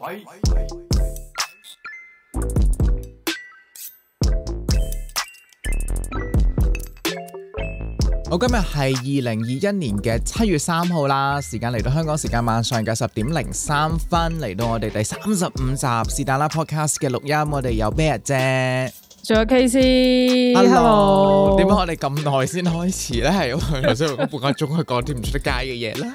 喂。我今日係二零二一年嘅七月三號啦，時間嚟到香港時間晚上嘅十點零三分，嚟到我哋第三十五集是但啦 Podcast 嘅錄音，我哋有咩人啫？仲有 KC。Hello，點解我哋咁耐先開始咧？係，所以半個鐘去講啲唔出得街嘅嘢啦。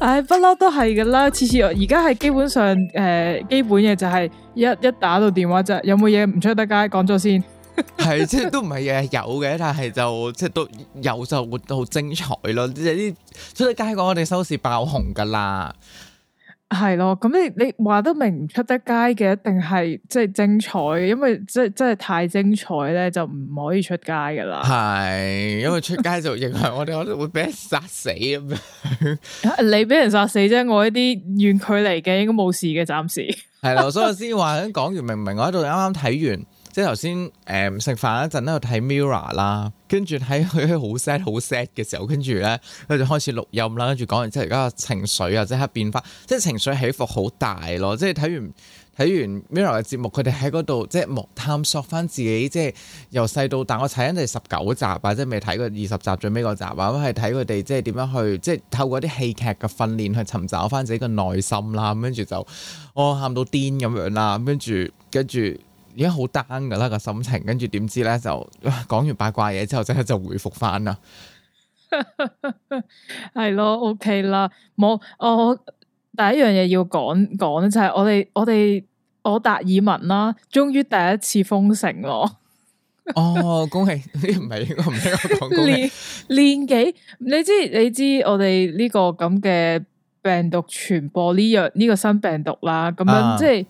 唉，不嬲、 哎、都係噶啦，次次我而家係基本上誒、呃，基本嘢，就係一一打到電話就，有冇嘢唔出得街講咗先，先。係，即係都唔係嘢，有嘅，但係就即係都有就活到精彩咯。即係啲出得街講，我哋收視爆紅噶啦。係咯，咁你你話得明出得街嘅，一定係即係精彩，因為即係真係太精彩咧，就唔可以出街噶啦。係，因為出街就影響我哋， 我哋會俾人殺死咁樣。你俾人殺死啫，我呢啲遠距離嘅應該冇事嘅，暫時。係 啦，所以我先話，咁講完明唔明？我喺度啱啱睇完。即係頭先誒食飯一陣，喺度睇 mirror 啦，跟住睇佢好 sad 好 sad 嘅時候，跟住咧佢就開始錄音啦，跟住講完之後，而家情緒啊即刻變翻，即係情緒起伏好大咯！即係睇完睇完 mirror 嘅節目，佢哋喺嗰度即係探索翻自己，即係由細到大。我睇緊第十九集，啊，即係未睇過二十集最尾嗰集啊，咁係睇佢哋即係點樣去即係透過啲戲劇嘅訓練去尋找翻自己嘅內心啦。咁跟住就哦，喊到癲咁樣啦，跟住跟住。而家好 down 噶啦，個心情，跟住點知咧就講完八卦嘢之後，即刻就回復翻啦。係咯 ，OK 啦。冇，我第一樣嘢要講講就係我哋我哋我達爾文啦，終於第一次封城咯。 哦，恭喜！呢唔係我唔係我講恭喜， 年紀？你知你知我哋呢個咁嘅病毒傳播呢樣呢個新病毒啦，咁樣即係。啊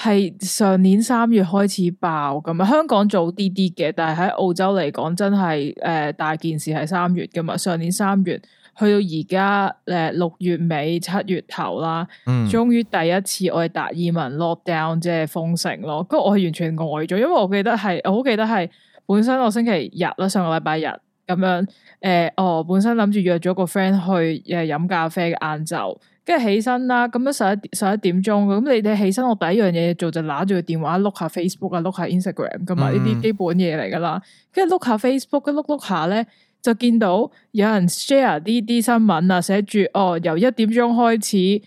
係上年三月開始爆噶嘛，香港早啲啲嘅，但係喺澳洲嚟講真係誒、呃、大件事係三月噶嘛。上年三月去到而家誒六月尾七月頭啦，嗯、終於第一次我哋達爾文 lock down 即係封城咯。不過我係完全呆咗，因為我記得係我好記得係本身我星期日啦，上個禮拜日咁樣誒，我、呃哦、本身諗住約咗個 friend 去誒飲咖啡嘅晏晝。跟住起身啦，咁樣十一十一點鐘，咁你哋起身，我第一樣嘢做就拿住個電話碌下 Facebook 啊碌下 Instagram 咁嘛，呢啲基本嘢嚟噶啦。跟住碌下 Facebook，碌碌下咧，就見到有人 share 呢啲新聞啊，寫住哦由一點鐘開始，誒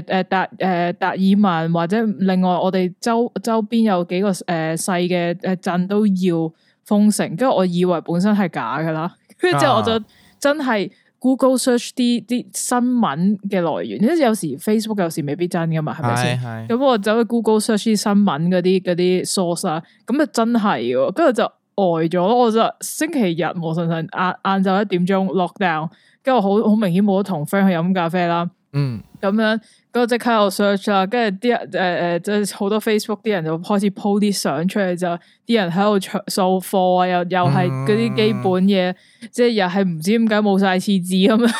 誒達誒達爾文或者另外我哋周周邊有幾個誒細嘅誒鎮都要封城，跟住我以為本身係假噶啦，跟住之後我就真係。啊 Google search 啲啲新聞嘅來源，因為有時 Facebook 有時未必真噶嘛，係咪先？咁我走去 Google search 啲新聞嗰啲嗰啲 source 啊，咁啊真係，跟住就呆咗，我就星期日，我晨晨晏晏晝一點鐘 lock down，跟住好好明顯冇得同 friend 去飲咖啡啦，嗯，咁樣。即刻又 search 啦，跟住啲人誒即係好多 Facebook 啲人就開始鋪啲相出嚟就，啲人喺度掃貨啊，又又係嗰啲基本嘢，嗯、即係又係唔知點解冇晒廁紙咁樣！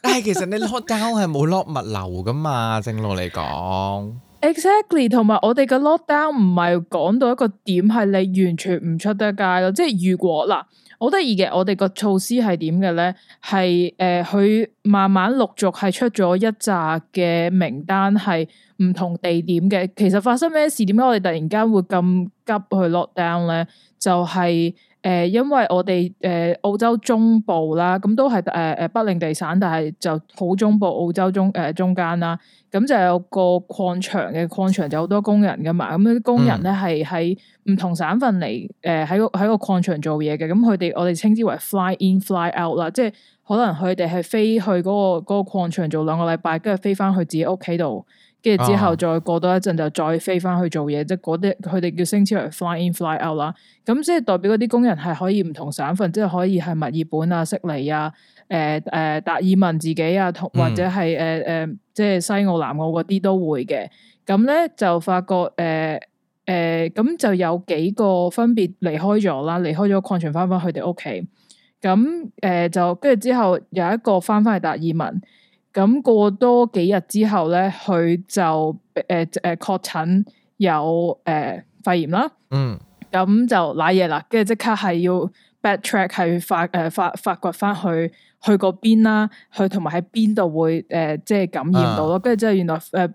但係其實你 lock down 係冇 lock 物流噶嘛，正路嚟講。Exactly，同埋我哋嘅 lock down 唔係講到一個點係你完全唔出得街咯，即係如果嗱。好得意嘅，我哋個措施係點嘅咧？係誒，佢、呃、慢慢陸續係出咗一扎嘅名單，係唔同地點嘅。其實發生咩事？點解我哋突然間會咁急去 lock down 咧？就係、是、誒、呃，因為我哋誒、呃、澳洲中部啦，咁、嗯、都係誒誒北領地省，但係就好中部澳洲中誒、呃、中間啦。咁就有個礦場嘅，礦場就好多工人噶嘛，咁啲工人咧係喺唔同省份嚟，誒、呃、喺個喺個礦場做嘢嘅，咁佢哋我哋稱之為 fly in fly out 啦，即係可能佢哋係飛去嗰個嗰個礦場做兩個禮拜，跟住飛翻去自己屋企度，跟住之後再過多一陣就再飛翻去做嘢，啊、即係嗰啲佢哋叫稱之為 fly in fly out 啦。咁即係代表嗰啲工人係可以唔同省份，即係可以係墨爾本啊、悉尼啊。誒誒，達爾、呃呃、文自己啊，同或者係誒誒，即係西澳、南澳嗰啲都會嘅。咁咧就發覺，誒、呃、誒，咁、呃、就有幾個分別離開咗啦，離開咗礦場，翻返佢哋屋企。咁、呃、誒就跟住之後有一個翻翻去達爾文。咁過多幾日之後咧，佢就誒誒確診有誒、呃、肺炎啦。嗯。咁就瀨嘢啦，跟住即刻係要。track 係發誒、呃、發發掘翻去去嗰邊啦，去同埋喺邊度會誒、呃、即係感染到咯，跟住即係原來誒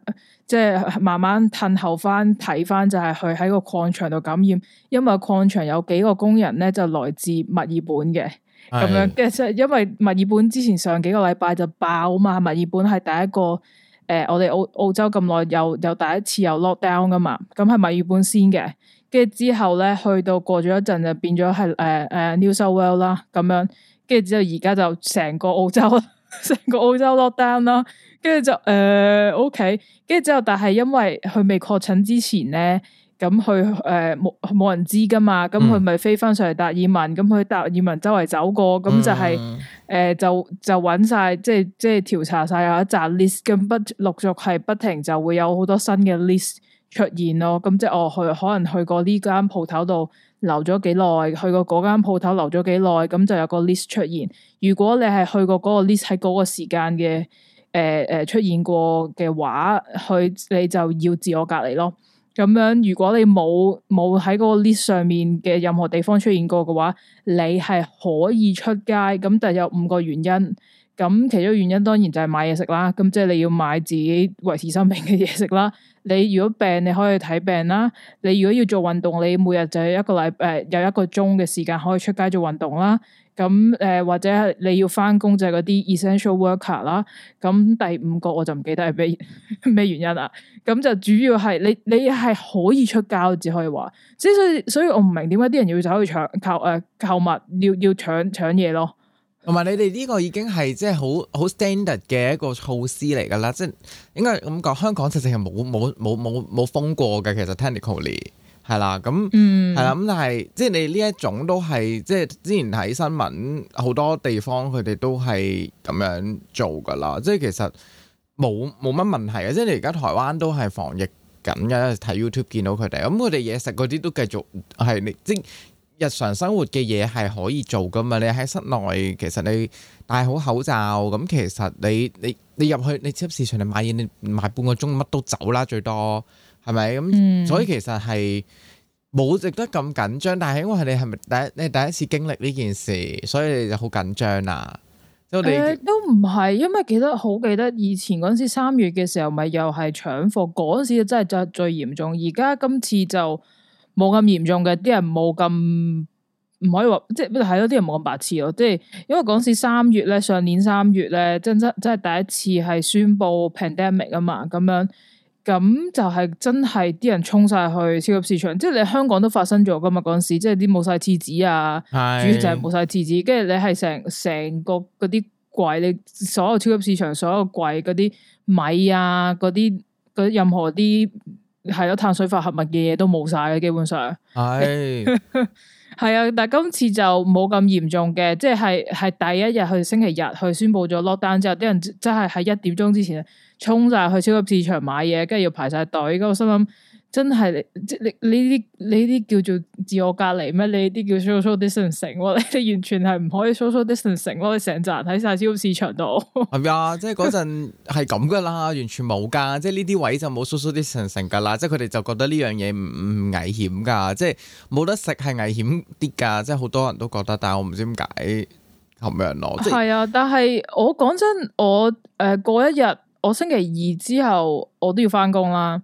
即係慢慢褪後翻睇翻，就係佢喺個礦場度感染，因為礦場有幾個工人咧就來自墨爾本嘅，咁樣跟住是的 因為墨爾本之前上幾個禮拜就爆嘛，墨爾本係第一個誒、呃，我哋澳澳洲咁耐又又第一次又 lockdown 噶嘛，咁係墨爾本先嘅。跟住之後咧，去到過咗一陣就變咗係誒誒 New South Wales 啦咁樣。跟住之後而家就成個澳洲，成個澳洲 lockdown 啦。跟住就誒、呃、OK。跟住之後，但係因為佢未確診之前咧，咁佢誒冇冇人知㗎嘛。咁佢咪飛返上嚟達爾文。咁佢達爾文周圍走過，咁就係、是、誒、嗯呃、就就搵晒，即係即係調查晒有一紮 list。咁不陸續係不停就會有好多新嘅 list。出現咯，咁即係我去可能去過呢間鋪頭度留咗幾耐，去過嗰間鋪頭留咗幾耐，咁就有個 list 出現。如果你係去過嗰個 list 喺嗰個時間嘅，誒、呃、誒、呃、出現過嘅話，佢你就要自我隔離咯。咁樣，如果你冇冇喺嗰個 list 上面嘅任何地方出現過嘅話，你係可以出街。咁但係有五個原因。咁，其中原因當然就係買嘢食啦。咁即係你要買自己維持生命嘅嘢食啦。你如果病，你可以睇病啦。你如果要做運動，你每日就係一個禮誒、呃、有一個鐘嘅時，時間可以出街做運動啦。咁、嗯、誒、呃、或者你要返工就係嗰啲 essential worker 啦、嗯。咁第五個我就唔記得係咩咩原因啦、啊。咁、嗯、就主要係你你係可以出街，我只可以話。所以所以我唔明點解啲人要走去搶購誒購物，要要搶搶嘢咯。同埋你哋呢個已經係即係好好 standard 嘅一個措施嚟噶啦，即係應該咁講，香港其實係冇冇冇冇冇封過嘅，其實 technically 係啦，咁係啦，咁但係即係你呢一種都係即係之前睇新聞好多地方佢哋都係咁樣做噶啦，即係其實冇冇乜問題嘅，即係你而家台灣都係防疫緊嘅，睇 YouTube 見到佢哋咁佢哋嘢食嗰啲都繼續係你即。日常生活嘅嘢係可以做噶嘛？你喺室內，其實你戴好口罩，咁其實你你你入去你超市場你買嘢，你買半個鐘乜都走啦，最多係咪？咁、嗯、所以其實係冇值得咁緊張，但係因為你係咪第你第一次經歷呢件事，所以你就好緊張啦。誒、呃，都唔係，因為其實好記得以前嗰陣時三月嘅時候，咪又係搶貨嗰陣時，真係真係最嚴重。而家今次就，冇咁嚴重嘅，啲人冇咁唔可以話，即係咯，啲人冇咁白痴咯。即係因為嗰陣時三月咧，上年三月咧，真真真係第一次係宣布 pandemic 啊嘛，咁樣咁就係真係啲人衝晒去超級市場，即係你香港都發生咗噶嘛嗰陣時，即係啲冇晒廁紙啊，是主要就係冇晒廁紙，跟住你係成成個嗰啲櫃，你所有超級市場所有櫃嗰啲米啊，嗰啲嗰任何啲。係咯，碳水化合物嘅嘢都冇晒嘅，基本上係係啊，但係今次就冇咁嚴重嘅，即係係第一日去星期日去宣布咗落 o 之後，啲人真係喺一點鐘之前啊，衝晒去超級市場買嘢，跟住要排晒隊，咁我心諗。真係，即你呢啲呢啲叫做自我隔離咩？你啲叫 social distancing， 你完全係唔可以 social distancing。我你成集睇晒超市市場度。係 啊，即係嗰陣係咁噶啦，完全冇噶，即係呢啲位就冇 social distancing 噶啦。即係佢哋就覺得呢樣嘢唔危險噶，即係冇得食係危險啲噶。即係好多人都覺得，但係我唔知點解咁樣咯。係啊的，就是、但係我講真，我誒過、呃、一日，我星期二之後我都要返工啦。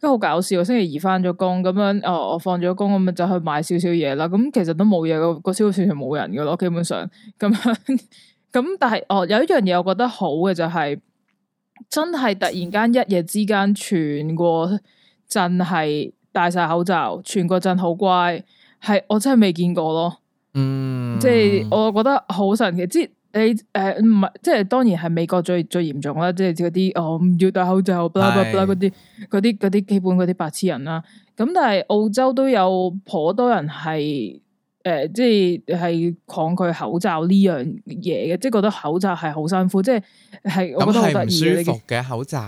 都好搞笑，星期二返咗工咁樣，哦，我放咗工咁咪就去買少少嘢啦。咁其實都冇嘢，個個超市係冇人噶咯，基本上咁樣。咁但係，哦，有一樣嘢我覺得好嘅就係、是，真係突然間一夜之間，全個鎮係戴晒口罩，全個鎮好乖，係我真係未見過咯。嗯即，即係我覺得好神奇，即你誒，唔係，即係當然係美國最最嚴重啦，即係嗰啲哦唔要戴口罩，嗶嗶嗶嗶嗰啲啲啲基本嗰啲白痴人啦。咁但係澳洲都有頗多人係誒、呃，即係抗拒口罩呢樣嘢嘅，即係覺得口罩係好辛苦，即係係我覺得好唔舒服嘅口罩。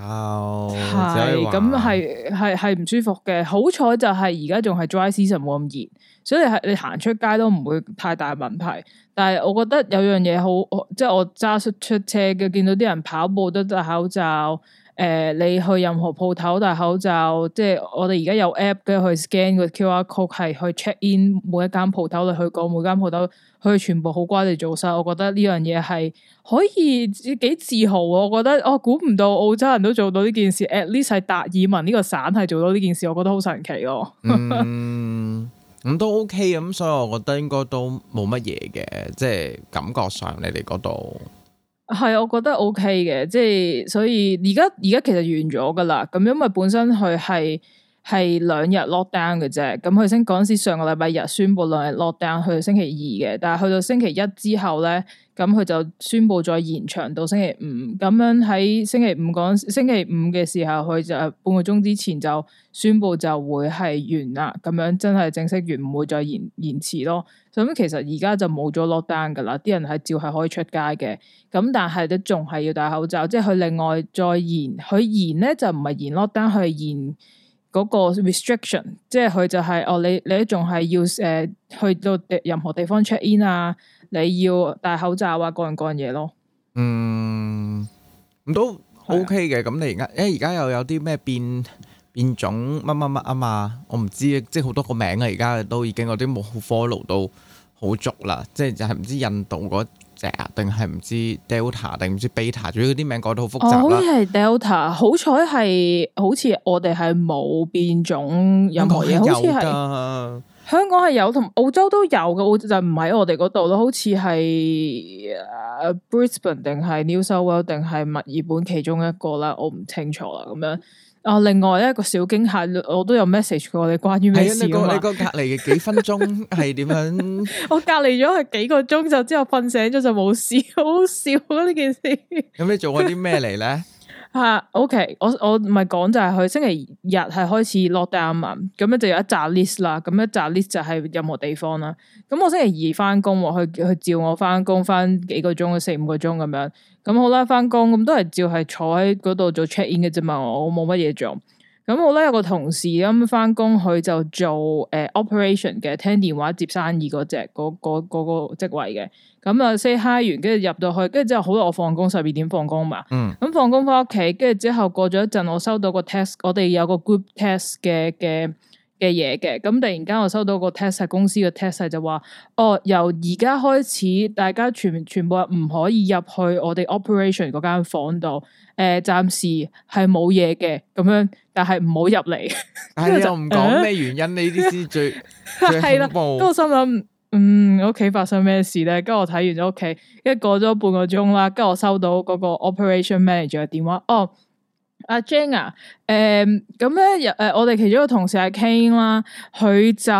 係咁係係係唔舒服嘅。好彩就係而家仲係 dry season 冇咁熱，所以係你行出街都唔會太大問題。但係，我覺得有樣嘢好，即係我揸出出車嘅，見到啲人跑步都戴口罩。誒、呃，你去任何鋪頭戴口罩。即係我哋而家有 app 嘅去 scan 個 QR code，係去 check in 每一間鋪頭，你去過每間鋪頭，佢全部好乖地做晒。我覺得呢樣嘢係可以幾自豪。我覺得我估唔到澳洲人都做到呢件事。At least 係達爾文呢個省係做到呢件事，我覺得好神奇咯。嗯咁都 OK 咁，所以我覺得應該都冇乜嘢嘅，即係感覺上你哋嗰度係，我覺得 OK 嘅，即係所以而家而家其實完咗噶啦咁因為本身佢係係兩日 lock down 嘅啫，咁佢先嗰時上個禮拜日宣布兩日 lock down，去到星期二嘅，但係去到星期一之後咧。咁佢就宣布再延長到星期五，咁樣喺星期五講星期五嘅時候，佢就半個鐘之前就宣布就會係完啦，咁樣真係正式完，唔會再延延遲咯。咁其實而家就冇咗 lockdown 噶啦，啲人係照係可以出街嘅，咁但係都仲係要戴口罩。即係佢另外再延，佢延咧就唔係延 lockdown，佢延嗰個 restriction，即係佢就係、是、哦，你你仲係要誒、呃、去到任何地方 check in 啊。你要戴口罩啊，各人各人嘢咯。嗯，都 OK 嘅。咁的你而家，因而家又有啲咩變變種乜乜乜啊嘛？我唔知，即係好多個名啊。而家都已經我啲冇 follow 到好足啦。即係就係唔知印度嗰隻啊，定係唔知 Delta 定唔知 Beta，仲要啲名改得好複雜啦。哦、ta，好似係 Delta，好彩係，好似我哋係冇變種，有冇嘢？好似係。香港係有，同澳洲都有嘅，澳洲就唔喺我哋嗰度咯。好似係啊 Brisbane 定係 New South Wales 定係墨爾本其中一個啦，我唔清楚啦咁樣。啊，另外咧一個小驚嚇，我都有 message 過你關於咩事，哎、你個隔籬嘅幾分鐘係點樣？ 我隔籬咗係幾個鐘就之後瞓醒咗就冇事，好笑啊！呢件事。有咩做過啲咩嚟咧？吓、啊、，OK，我我唔係講就係、是、佢星期日係開始 lockdown 啊嘛，咁樣就有一集 list 啦，咁一集 list 就係任何地方啦。咁我星期二翻工喎，佢佢照我翻工，翻幾個鐘，四五個鐘咁樣。咁好啦，翻工咁都係照係坐喺嗰度做 check in 嘅啫嘛，我冇乜嘢做。咁我咧有個同事咁翻工，佢就做誒、呃、operation 嘅，聽電話接生意嗰隻、嗰個，嗰嗰嗰個職、嗰個、位嘅。咁啊 say hi 完，跟住入到去，跟住之後好耐我放工，十二點放工嘛。嗯。咁放工翻屋企，跟住之後過咗一陣，我收到個 test，我哋有個 group test 嘅嘅。嘅嘢嘅，咁突然間我收到個 text 係公司嘅 text 就話，哦，由而家開始大家全全部唔可以入去我哋 operation 嗰間房度，誒、呃、暫時係冇嘢嘅，咁樣但係唔好入嚟，係就唔講咩原因呢啲先最係啦，咁 我心諗，嗯，我屋企發生咩事咧？跟住我睇完咗屋企，跟住過咗半個鐘啦，跟住我收到嗰個 operation manager 嘅電話，哦。阿 Jane 啊，誒 invece、mm，咁咧，誒，我哋其中一個同事阿 Ken 啦，佢就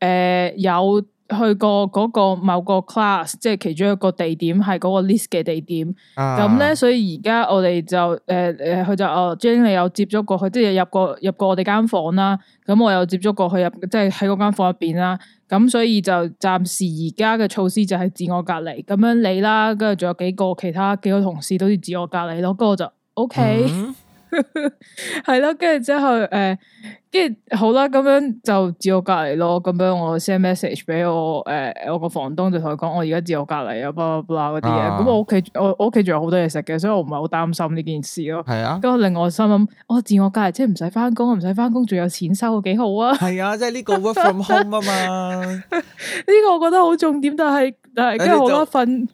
誒有去過嗰個某個 class，即係其中一個地點係嗰個 list 嘅地點，咁咧，所以而家我哋就誒，誒，佢就哦，Jane 你有接咗過去，即係入過入過我哋間房啦，咁我又接咗過去入，即係喺嗰間房入邊啦，咁所以就暫時而家嘅措施就係自我隔離，咁樣你啦，跟住仲有幾個其他幾個同事都要自我隔離咯，咁我就 OK。係咯，跟住之後誒，跟住好啦，咁樣就自我隔離咯。咁樣我 send message 俾我誒，我個房東就同佢講，我而家自我隔離啊，blah blah blah 嗰啲嘢。咁我屋企，我屋企仲有好多嘢食嘅，所以我唔係好擔心呢件事咯。係啊，咁令我心諗，我自我隔離，即係唔使翻工，唔使翻工，仲有錢收，幾好啊！係啊，即係呢個 work from home 啊嘛。呢個我覺得好重點，但係但係，今日好得瞓。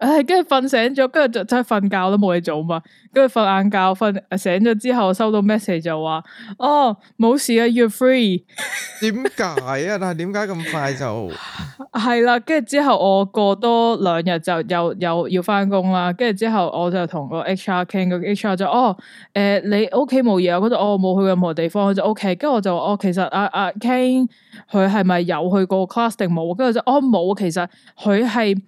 唉，跟住瞓醒咗，跟住就真係瞓覺都冇嘢做嘛，跟住瞓晏覺，瞓醒咗之後收到 message 就話，哦、oh, 冇事啊，you're free？點解啊？ 但係點解咁快就係啦？跟住 之後我過多兩日就又又要翻工啦。跟住之後我就同個 HR 傾，個 HR 就哦，誒你屋企冇嘢啊？嗰度我冇、oh, 去任何地方，就 OK。跟住我就哦，oh, 其實阿阿 Ken 佢係咪有去過 class 定冇？跟住就哦冇、oh,，其實佢係誒。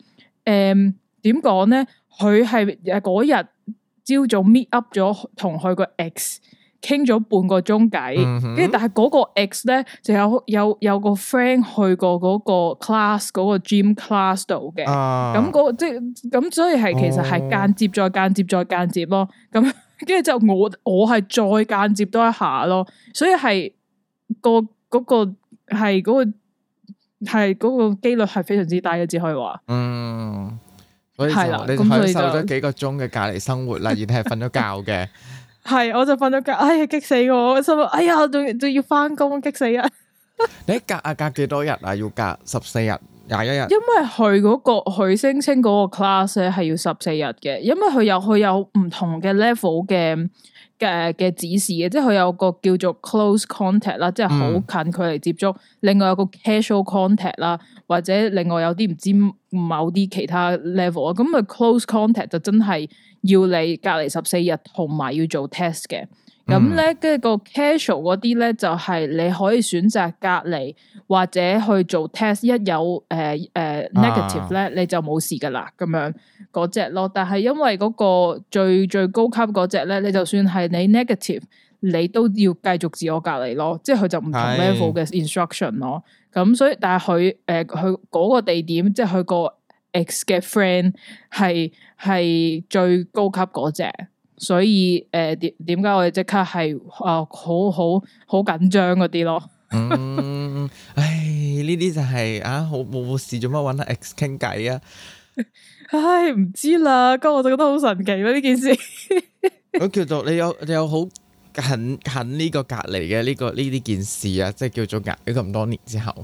嗯嗯嗯嗯嗯嗯嗯點講咧？佢係誒嗰日朝早 meet up 咗同佢個 X 傾咗半個鐘偈，跟住、嗯、哼但係嗰個 X 咧就有有有個 friend 去過嗰個 class 嗰個 gym class 度嘅，咁嗰、啊那個、即咁所以係其實係間接再間接再間接,接咯。咁跟住就我我係再間接多一下咯。所以係、那個嗰、那個係嗰、那個係嗰個幾率係非常之低嘅，只可以話嗯。嗰時你係受咗幾個鐘嘅隔離生活啦，然後係瞓咗覺嘅。係，我就瞓咗覺，哎呀，激死我！心諗，哎呀，仲仲要翻工，激死呀！ 你隔啊隔幾多日啊？要隔十四日、廿一日。因為佢嗰個佢聲稱嗰個 class 咧係要十四日嘅，因為佢有佢有唔同嘅 level 嘅嘅嘅指示嘅，即係佢有個叫做 close contact 啦，即係好近距離接觸，嗯、另外有個 casual contact 啦。或者另外有啲唔知某啲其他 level 啊，咁啊 close contact 就真係要你隔離十四日，同埋要做 test 嘅。咁咧跟住個 casual 嗰啲咧，就係、是、你可以選擇隔離或者去做 test。一有誒誒、呃呃、negative 咧，啊、你就冇事噶啦，咁樣嗰隻咯。但係因為嗰個最最高級嗰隻咧，你就算係你 negative，你都要繼續自我隔離咯。即係佢就唔同 level 嘅 instruction 咯。咁所以但係佢，誒佢嗰個地點，即係佢個 ex 嘅 friend 係係最高級嗰隻，所以誒點點解我哋即刻係啊、呃、好好好緊張嗰啲咯？嗯、唉呢啲就係啊好冇事做乜揾阿 ex 傾偈啊？啊唉唔知啦，咁我就覺得好神奇咯呢件事，咁叫做你有你有好。近近呢個隔離嘅呢個呢啲件事啊，即係叫做隔咗咁多年之後，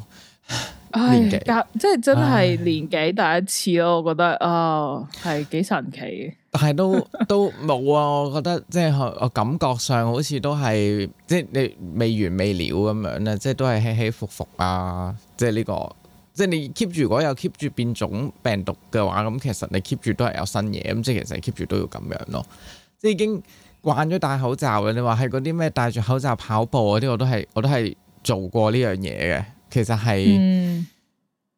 隔即係真係年幾第一次咯，我覺得啊係幾神奇嘅。但係都都冇啊，我覺得即係我感覺上好似都係即係你未完未了咁樣咧，即係都係起起伏伏啊。即係呢個即係你 keep 住，如果有 keep 住變種病毒嘅話，咁其實你 keep 住都係有新嘢，咁即係其實你 keep 住都要咁樣咯，即係已經。慣咗戴口罩嘅，你話係嗰啲咩戴住口罩跑步嗰啲，我都係我都係做過呢樣嘢嘅。其實係、嗯、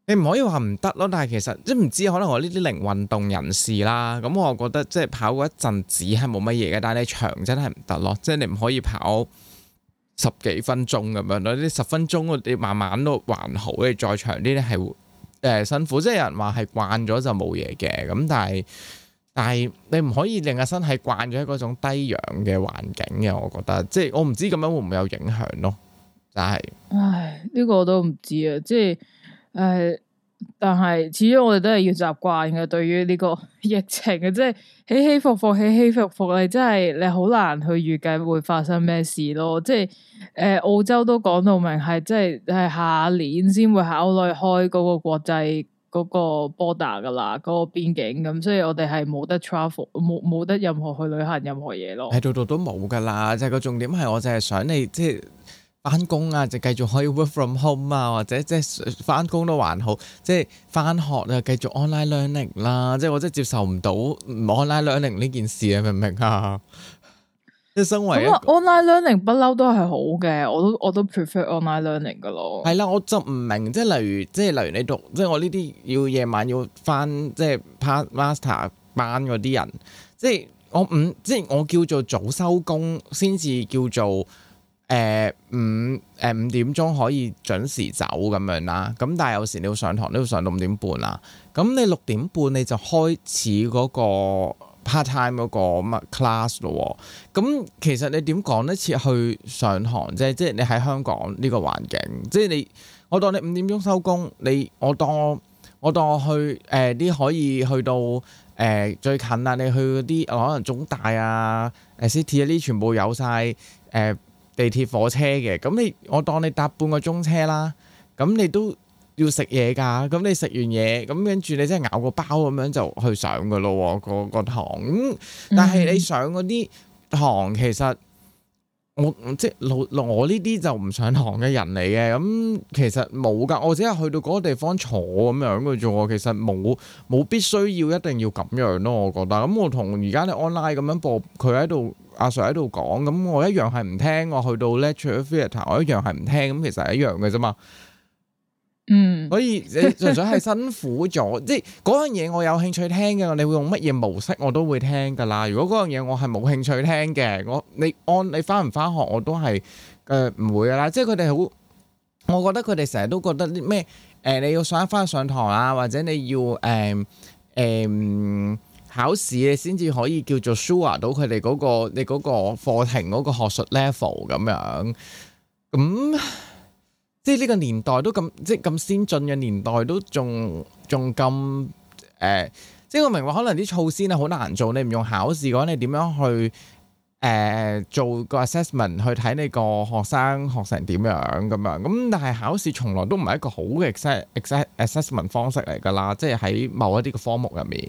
你唔可以話唔得咯，但係其實即唔知，可能我呢啲零運動人士啦，咁我覺得即係跑過一陣子係冇乜嘢嘅。但係你長真係唔得咯，即係你唔可以跑十幾分鐘咁樣咯。啲十分鐘你慢慢都還好，你再長啲咧係誒辛苦。即係有人話係慣咗就冇嘢嘅，咁但係。但係你唔可以令個身體慣咗喺嗰種低氧嘅環境嘅，我覺得，即係我唔知咁樣會唔會有影響咯。就係，唉，呢個我都唔知啊，即係誒、呃，但係始終我哋都係要習慣嘅。對於呢個疫情啊，即係起起伏伏，起起伏伏，真你真係你好難去預計會發生咩事咯。即係誒、呃，澳洲都講到明係，即係係下年先會考慮開嗰個國際。嗰個 border 噶啦，嗰個邊境咁，所以我哋係冇得 travel，冇冇得任何去旅行任何嘢咯。係度度都冇噶啦，就係、是、個重點係，我就係想你即係返工啊，就繼續可以 work from home 啊，或者即係返工都還好，即係返學啊，繼續 online learning 啦、啊。即、就、係、是、我真係接受唔到 online learning 呢件事啊，明唔明啊？即係身為，online learning 不嬲都係好嘅，我都我都 prefer online learning 噶咯。係啦，我就唔明，即係例如，即係例如你讀，即係我呢啲要夜晚要返，即係 part master 班嗰啲人，嗯、即係我五，即係我叫做早收工，先至叫做誒、呃、五誒五點鐘可以準時走咁樣啦。咁但係有時你要上堂都要上到五點半啦。咁你六點半你就開始嗰、那個。part-time 嗰個乜 class 咯喎，咁其實你點講咧？似去上堂啫，即係你喺香港呢個環境，即係你我當你五點鐘收工，你我當我，我當我去誒啲、呃、可以去到誒、呃、最近啊，你去嗰啲可能中大啊、city 啲、啊、全部有晒。誒、呃、地鐵火車嘅，咁你我當你搭半個鐘車啦，咁你都。要食嘢噶，咁你食完嘢，咁跟住你真係咬個包咁樣就去上嘅咯喎，個個堂。咁但係你上嗰啲堂，其實我即係老我呢啲就唔上堂嘅人嚟嘅。咁其實冇噶，我只係去到嗰個地方坐咁樣嘅啫喎。其實冇冇必須要一定要咁樣咯。我覺得咁我同而家啲 online 咁樣播，佢喺度阿 Sir 喺度講，咁我一樣係唔聽。我去到 lecture theater，我一樣係唔聽。咁其實係一樣嘅啫嘛。嗯，所以你純粹係辛苦咗，即係嗰樣嘢我有興趣聽嘅，你會用乜嘢模式我都會聽噶啦。如果嗰樣嘢我係冇興趣聽嘅，我你按你翻唔翻學我都係誒唔會噶啦。即係佢哋好，我覺得佢哋成日都覺得啲咩誒你要上一翻上堂啊，或者你要誒誒考試你先至可以叫做 sure 到佢哋嗰個你嗰個課程嗰個學術 level 咁樣咁。即係呢個年代都咁，即係咁先進嘅年代都仲仲咁誒，即係我明白可能啲措施呢好難做。你唔用考試嘅話，你點樣去誒、呃、做個 assessment 去睇你個學生學成點樣咁樣？咁但係考試從來都唔係一個好嘅 exact exact assessment 方式嚟㗎啦。即係喺某一啲嘅科目入面，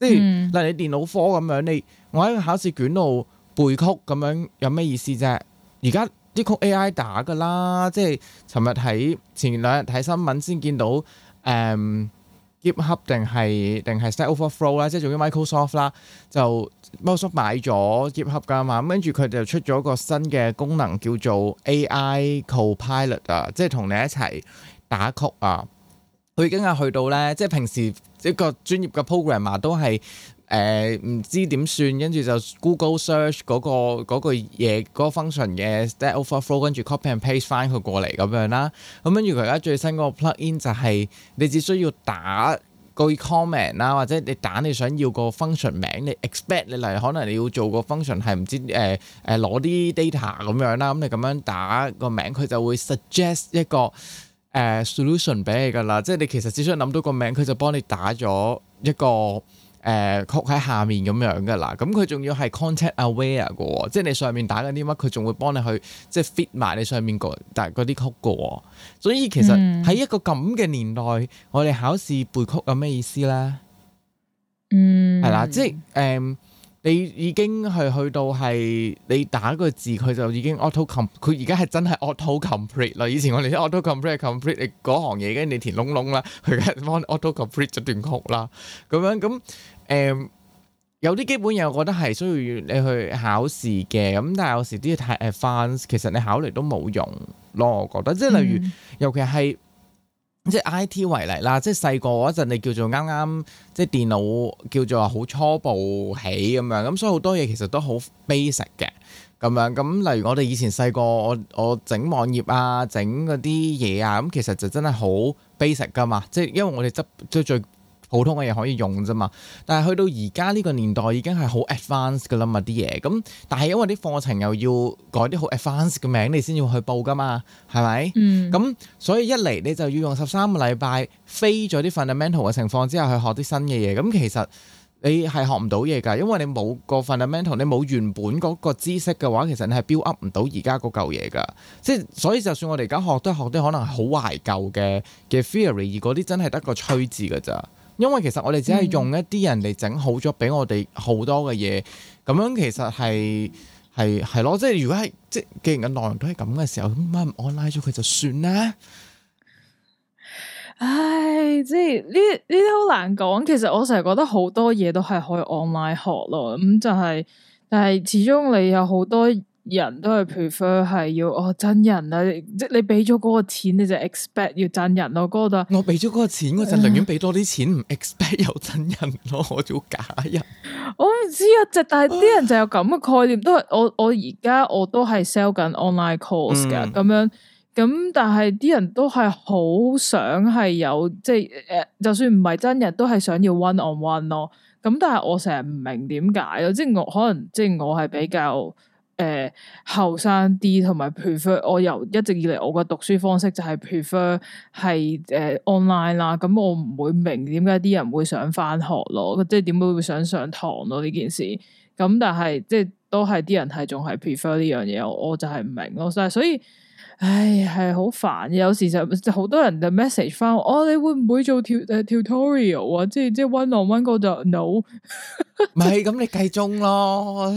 即係、嗯、例如你電腦科咁樣，你我喺考試卷度背曲咁樣有咩意思啫？而家。啲曲 AI 打噶啦，即係尋日喺前兩日睇新聞先見到，誒，GitHub 定係定係 Stack Overflow 啦、啊，即係屬於 Microsoft 啦、啊，就 Microsoft 買咗 GitHub 噶嘛，跟住佢就出咗個新嘅功能叫做 AI Co-Pilot 啊，即係同你一齊打曲啊，佢已經係去到咧，即係平時一個專業嘅 programmer 都係。誒唔、呃、知點算，跟住就 Google search 嗰、那個嗰個嗰句嘢，嗰、嗰個嗰個 function 嘅 Stack Overflow，跟住 copy and paste 翻佢過嚟咁樣啦。咁跟住佢而家最新嗰個 plugin 就係你只需要打句 comment 啦，或者你打你想要個 function 名，你 expect 你嚟。可能你要做個 function 係唔知誒誒攞啲 data 咁樣啦，咁你咁樣打個名，佢就會 suggest 一個誒、呃、solution 俾你㗎啦。即係你其實只需要諗到個名，佢就幫你打咗一個。誒、呃、曲喺下面咁樣嘅啦，咁佢仲要係 contact aware 嘅喎、哦，即係你上面打緊啲乜，佢仲會幫你去即係 fit 埋你上面嗰啲曲嘅喎、哦，所以其實喺一個咁嘅年代，嗯、我哋考試背曲有咩意思咧、嗯？嗯，係啦，即係誒，你已經係去到係你打個字，佢就已經 auto comp，佢而家係真係 auto complete 啦。以前我哋 auto complete complete 你嗰行嘢嘅，你填窿窿啦，佢幫 auto complete 咗段曲啦，咁樣咁。嗯誒、嗯、有啲基本嘢，我覺得係需要你去考試嘅。咁但係有時啲太 advanced，其實你考嚟都冇用咯。我覺得即係例如，嗯、尤其係即係 I T 為例啦。即係細個嗰陣，你叫做啱啱即係電腦叫做話好初步起咁樣。咁所以好多嘢其實都好 basic 嘅咁樣。咁例如我哋以前細個，我我整網頁啊，整嗰啲嘢啊，咁其實就真係好 basic 噶嘛。即係因為我哋執即係最普通嘅嘢可以用啫嘛，但係去到而家呢個年代已經係好 advanced 㗎啦嘛啲嘢，咁但係因為啲課程又要改啲好 advanced 嘅名，你先要去報㗎嘛，係咪？咁、mm. 嗯、所以一嚟你就要用十三個禮拜飛咗啲 fundamental 嘅情況之下去學啲新嘅嘢，咁、嗯、其實你係學唔到嘢㗎，因為你冇個 fundamental，你冇原本嗰個知識嘅話，其實你係 build up 唔到而家嗰嚿嘢㗎，即係所以就算我哋而家學都係學啲可能係好懷舊嘅嘅 theory，而嗰啲真係得個趨字㗎咋。因為其實我哋只係用一啲人哋整好咗畀我哋好多嘅嘢，咁、嗯、樣其實係係係咯，即係如果係即既然嘅內容都係咁嘅時候，咁咪 online 咗佢就算啦。唉，即係呢呢啲好難講。其實我成日覺得好多嘢都係可以 online 學咯，咁、嗯、就係、是、但係始終你有好多。人都係 prefer 係要哦真人啦，啊，即係你俾咗嗰個錢，你就 expect 要真人咯，啊。嗰度我俾咗嗰個錢，我就寧願俾多啲錢，唔 expect 有真人咯，啊，我做假人。我唔知啊，即但係啲人就有咁嘅概念，都係我我而家我都係 sell 緊 online course 嘅咁、嗯、樣，咁但係啲人都係好想係有即係誒，就算唔係真人，都係想要 one on one 咯。咁但係我成日唔明點解咯，即係我可能即係我係比較。誒，後生啲、呃、同埋 prefer，我由一直以嚟我嘅讀書方式就係 prefer 係誒、呃、online 啦，咁我唔會明點解啲人會想翻學咯，即係點解會想上堂咯呢件事，咁但係即係都係啲人係仲係 prefer 呢樣嘢，我我就係唔明咯，所以。唉，係好煩，有時就好多人就 message 翻我，哦，你會唔會做 t 誒 tutorial 啊？即係即係 one on one 個 no，唔係咁你計鐘咯，我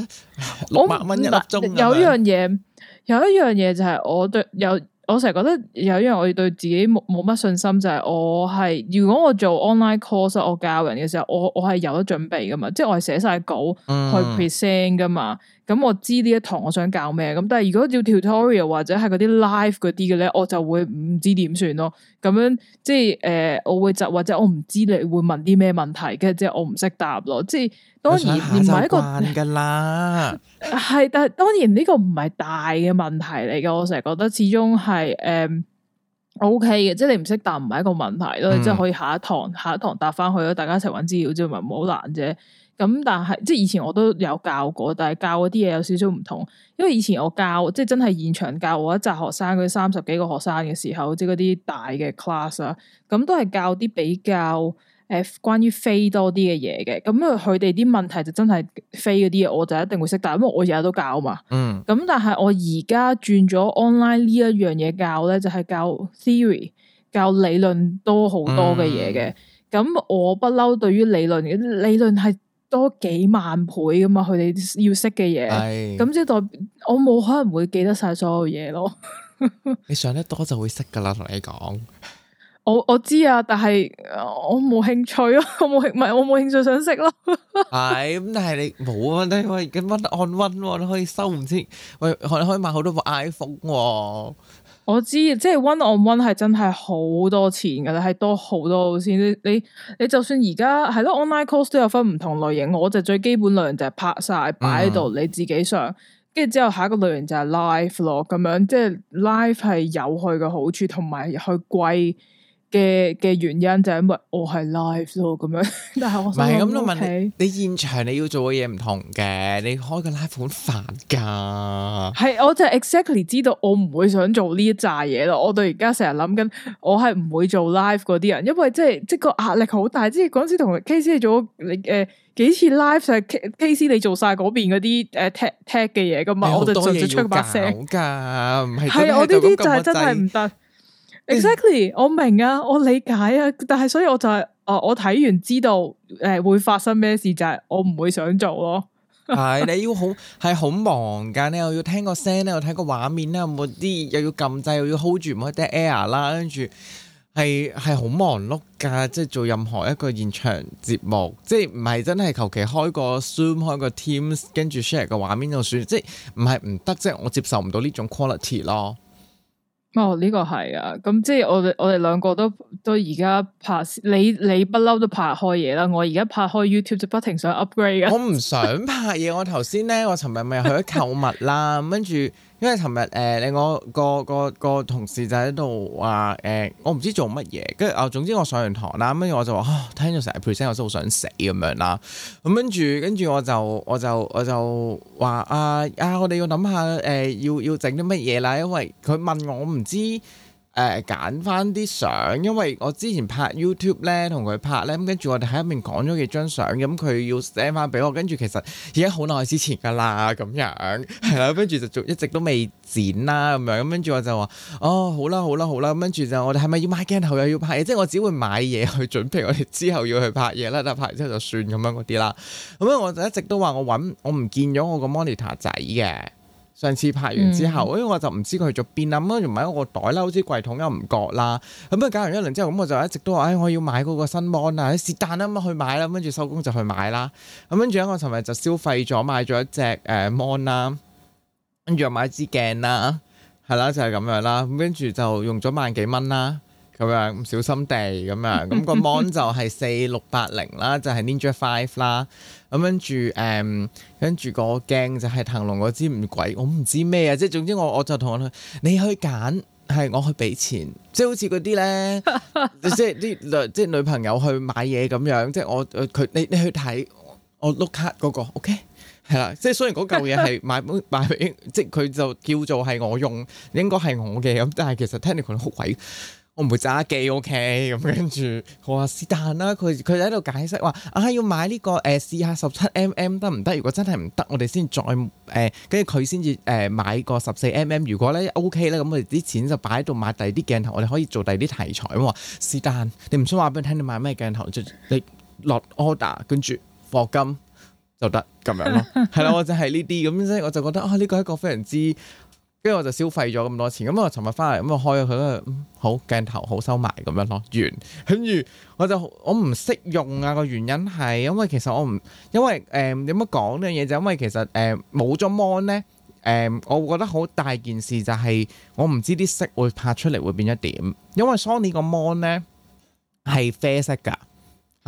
六百蚊一粒鐘。有一樣嘢，有一樣嘢就係我對有，我成日覺得有一樣我對自己冇冇乜信心就係我係如果我做 online course 我教人嘅時候，我我係有得準備噶嘛，即係我係寫晒稿去 present 噶嘛。嗯咁、嗯、我知呢一堂我想教咩，咁但係如果照 tutorial 或者係嗰啲 live 嗰啲嘅咧，我就會唔知點算咯。咁樣即係誒、呃，我會就或者我唔知你會問啲咩問題，跟住即係我唔識答咯。即係當然唔係一個難噶啦，係 但係當然呢個唔係大嘅問題嚟嘅。我成日覺得始終係誒，O K 嘅，即係你唔識答唔係一個問題咯。嗯、你即係可以下一堂下一堂答翻去咯，大家一齊揾資料啫，咪唔好難啫。咁但係即係以前我都有教過，但係教嗰啲嘢有少少唔同，因為以前我教即係真係現場教我一集學生佢三十幾個學生嘅時候，即係嗰啲大嘅 class 啊，咁都係教啲比較誒關於飛多啲嘅嘢嘅，咁啊佢哋啲問題就真係飛嗰啲嘢我就一定會識，但係因為我而家都教嘛，嗯，咁但係我而家轉咗 online 呢一樣嘢教咧，就係、是、教 theory 教理論多好多嘅嘢嘅，咁、嗯嗯、我不嬲對於理論嘅理論係。多幾萬倍噶嘛，佢哋要識嘅嘢，咁即係代表，我冇可能會記得晒所有嘢咯。 你上得多就會識噶啦，同你講。我我知啊，但係我冇興趣咯，我冇興，唔係我冇興趣想識咯。係 咁、哎，但係你冇啊，你喂，咁 one on one 你可以收唔知，喂，可你可以買好多部 iPhone 喎、啊。我知，即係 one on one 係真係好多錢㗎啦，係多好多先。你你你就算而家係咯，online course 都有分唔同類型。我就最基本類型就係拍晒擺喺度，你自己上。跟住之後下一個類型就係 live 咯，咁樣即係 live 係有佢嘅好處，同埋佢貴。嘅嘅原因就係因為我係 live 咯咁樣，但係我唔係咁。我問你，你現場你要做嘅嘢唔同嘅，你開個 live 好煩噶。係，我就 exactly 知道我唔會想做呢一揸嘢咯。我到而家成日諗緊，我係唔會做 live 嗰啲人，因為即係即係個壓力好大。即係嗰陣時同 KC 做你誒、呃、幾次 live 就係 KC KC 你做晒嗰邊嗰啲誒 tech 嘅嘢噶嘛，我就直接出把聲。好噶，係我呢啲就係真係唔得。Exactly，我明啊，我理解啊，但係所以我就係、是，誒、呃，我睇完知道誒、呃、會發生咩事，就係我唔會想做咯。係、 哎，你要好係好忙噶，你又要聽個聲咧，又睇個畫面啦，有冇啲又要撳掣，又要 hold 住唔好 dead air 啦，跟住係係好忙碌噶，即係做任何一個現場節目，即係唔係真係求其開個 Zoom 開個 Teams 跟住 share 個畫面就算，即係唔係唔得，即係我接受唔到呢種 quality 咯。哦，呢、這個係啊，咁、嗯、即係我我哋兩個都都而家拍，你你不嬲都拍開嘢啦，我而家拍開 YouTube 就不停想 upgrade 噶。 我唔想拍嘢，我頭先咧，我尋日咪去咗購物啦，跟住。因為尋日誒，你、呃、我，我，我個個個同事就喺度話誒，我唔知做乜嘢，跟住啊，總之我上完堂啦，跟住我就話、哦、啊，聽咗成日 present 我都好想死咁樣啦，咁跟住跟住我就我就我就話啊啊，我哋要諗下誒、呃，要要整啲乜嘢啦，因為佢問我我唔知。誒揀翻啲相，因為我之前拍 YouTube 咧，同佢拍咧，咁跟住我哋喺入面講咗幾張相，咁佢要 send 翻俾我，跟住其實而家好耐之前㗎啦，咁樣係啦，跟住就仲一直都未剪啦，咁樣，咁跟住我就話，哦好啦好啦好啦，咁跟住就我哋係咪要買鏡頭又要拍嘢？即係我只會買嘢去準備我哋之後要去拍嘢啦，但拍完之後就算咁樣嗰啲啦。咁樣我就一直都話我揾我唔見咗我個 monitor 仔嘅。上次拍完之後，咁、嗯哎、我就唔知佢做邊啦。咁啊，就買一個袋啦，好似櫃桶又唔覺啦。咁、嗯、啊，搞完一輪之後，咁我就一直都話，哎，我要買嗰個新 mon 啊，是但啦，咁去買啦。跟住收工就去買啦。咁跟住咧，我尋日就消費咗買咗一隻誒 mon 啦，跟、呃、住又買一支鏡啦，係啦，就係、是、咁樣啦。咁跟住就用咗萬幾蚊啦，咁樣唔小心地咁樣，咁、那個 mon 就係四六八零啦，就係 Ninja Five 啦。咁跟住誒、嗯，跟住個鏡就係騰龍嗰支唔鬼，我唔知咩啊！即係總之我我就同我佢，你去揀係我去俾錢，即係好似嗰啲咧， 即係啲女即係女朋友去買嘢咁樣，即係我佢你你去睇我碌卡嗰、嗰個 OK 係啦，即係雖然嗰嚿嘢係買本買俾， 即係佢就叫做係我用，應該係我嘅咁，但係其實 technical 好貴。我唔會揸機，OK，咁跟住，我話是但啦。佢佢喺度解釋話，啊要買呢個誒試下十七 mm 得唔得？如果真係唔得，我哋先再誒，跟住佢先至誒買個十四 mm。如果咧 OK 咧，咁我哋啲錢就擺喺度買第二啲鏡頭，我哋可以做第二啲題材。是但，你唔想要話俾人聽你買咩鏡頭，你落 order，跟住貨金就得咁樣咯。係啦， 我就係呢啲咁，即係我就覺得啊，呢個係一個非常之。跟住我就消費咗咁多錢，咁我尋日翻嚟，咁我開咗佢咧，好鏡頭好收埋咁樣咯，完。跟住我就我唔識用啊個，原因係因為其實我唔，因為誒點樣講呢樣嘢就因為其實誒冇咗 mon 咧，誒、呃呃、我會覺得好大件事就係我唔知啲色會拍出嚟會變咗點，因為 Sony 個 mon 咧係啡色㗎。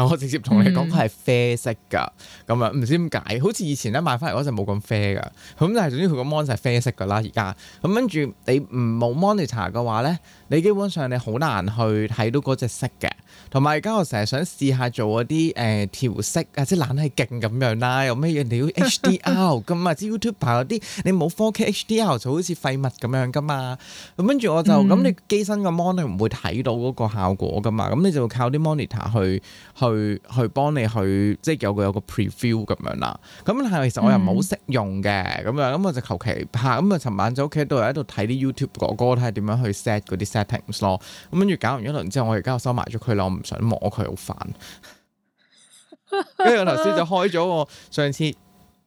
我直接同你講，佢係啡色噶，咁啊唔知點解，好似以前咧買翻嚟嗰隻冇咁啡噶，咁但係總之佢個 Mon 就係啡色噶啦，而家咁跟住你唔冇 monitor 嘅話咧。你基本上你好難去睇到嗰隻色嘅，同埋而家我成日想試下做嗰啲誒調色啊，即係冷係勁咁樣啦，有咩嘢你要 HDR 㗎嘛？啲 YouTuber 啲你冇 4K HDR 就好似廢物咁樣㗎嘛。咁跟住我就咁，嗯、你機身個 monitor 唔會睇到嗰個效果㗎嘛。咁你就會靠啲 monitor 去去去幫你去即係有個有個 preview 咁樣啦。咁但係其實我又唔係好識用嘅咁、嗯、樣，咁我就求其拍，咁、嗯、啊，尋晚就喺屋企度喺度睇啲 YouTube 哥哥睇下點樣去 set 嗰啲。咯，咁跟住搞完一輪之後，我而家我收埋咗佢啦，我唔想摸佢，好煩。跟 住我頭先就開咗個上次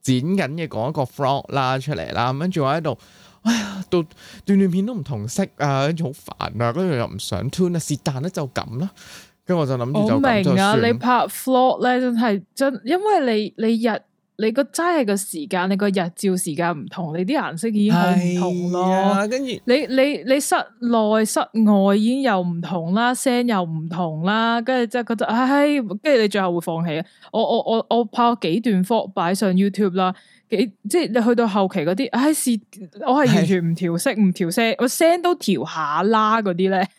剪緊嘅嗰一個 vlog 啦出嚟啦，咁跟住我喺度，哎呀，到段段片都唔同色 une, 啊，跟住好煩啊，跟住又唔想 tune 啊，是但咧就咁啦。跟住我就諗住就咁就算。我明啊，你拍 vlog 咧真係真，因為你你日。你個真係個時間，你個日照時間唔同，你啲顏色已經係唔同咯。跟住你你你室內室外已經又唔同啦，聲又唔同啦，跟住即係覺得唉，跟住你最後會放棄啊！我我我我拍咗幾段 photo 擺上 YouTube 啦，幾即係你去到後期嗰啲唉，試我係完全唔調色，唔是調聲，我聲都調下啦嗰啲咧。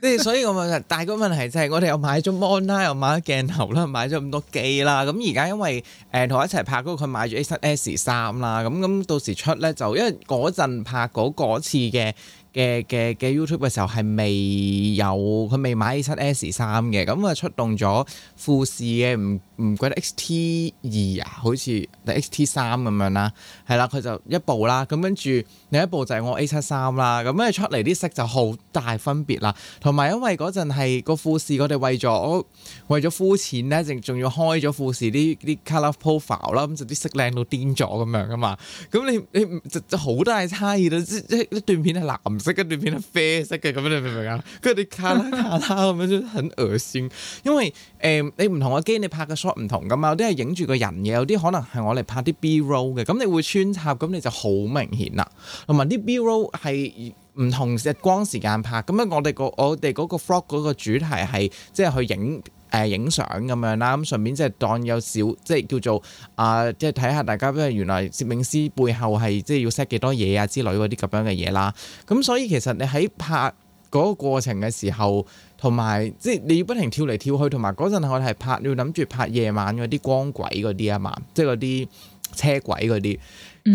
即係 所以我問，大個問題是就係我哋又買咗 mon 啦，又買咗鏡頭啦，買咗咁多機啦。咁而家因為誒同我一齊拍嗰個佢買咗 A7S 三啦。咁咁到時出咧就，因為嗰陣拍嗰次嘅嘅嘅嘅 YouTube 嘅時候係未有，佢未買 A7S 三嘅。咁啊出動咗富士嘅唔。唔怪得 XT 二啊，好似 XT 三咁樣啦，係啦，佢就一部啦，咁跟住另一部就係我 A 七三啦，咁跟住出嚟啲色就好大分別啦，同埋因為陣係個富士，我哋為咗為咗膚淺咧，仲仲要開咗富士啲啲 color profile 啦，咁就啲色靚到癲咗咁樣噶嘛，咁你你就就好大差異啦，即即係一段片係藍色，一段片係啡色嘅，咁你明唔明啊？嗰啲卡拉卡拉咁樣，樣就很噁心，因為誒你唔同我跟你拍嘅。唔同噶嘛，有啲係影住個人嘅，有啲可能係我嚟拍啲 B roll 嘅，咁你會穿插，咁你就好明顯啦。同埋啲 B roll 係唔同日光時間拍，咁樣我哋個我哋嗰個 vlog 嗰個主題係即係去影，誒影相咁樣啦，咁順便即係當有少即係叫做啊，即係睇下大家，原來攝影師背後係即係要 set 幾多嘢，啊之類嗰啲咁樣嘅嘢啦。咁所以其實你喺拍嗰個過程嘅時候，同埋即係你要不停跳嚟跳去，同埋嗰陣我係拍要諗住拍夜晚嗰啲光軌嗰啲啊嘛，即係嗰啲車軌嗰啲，咁、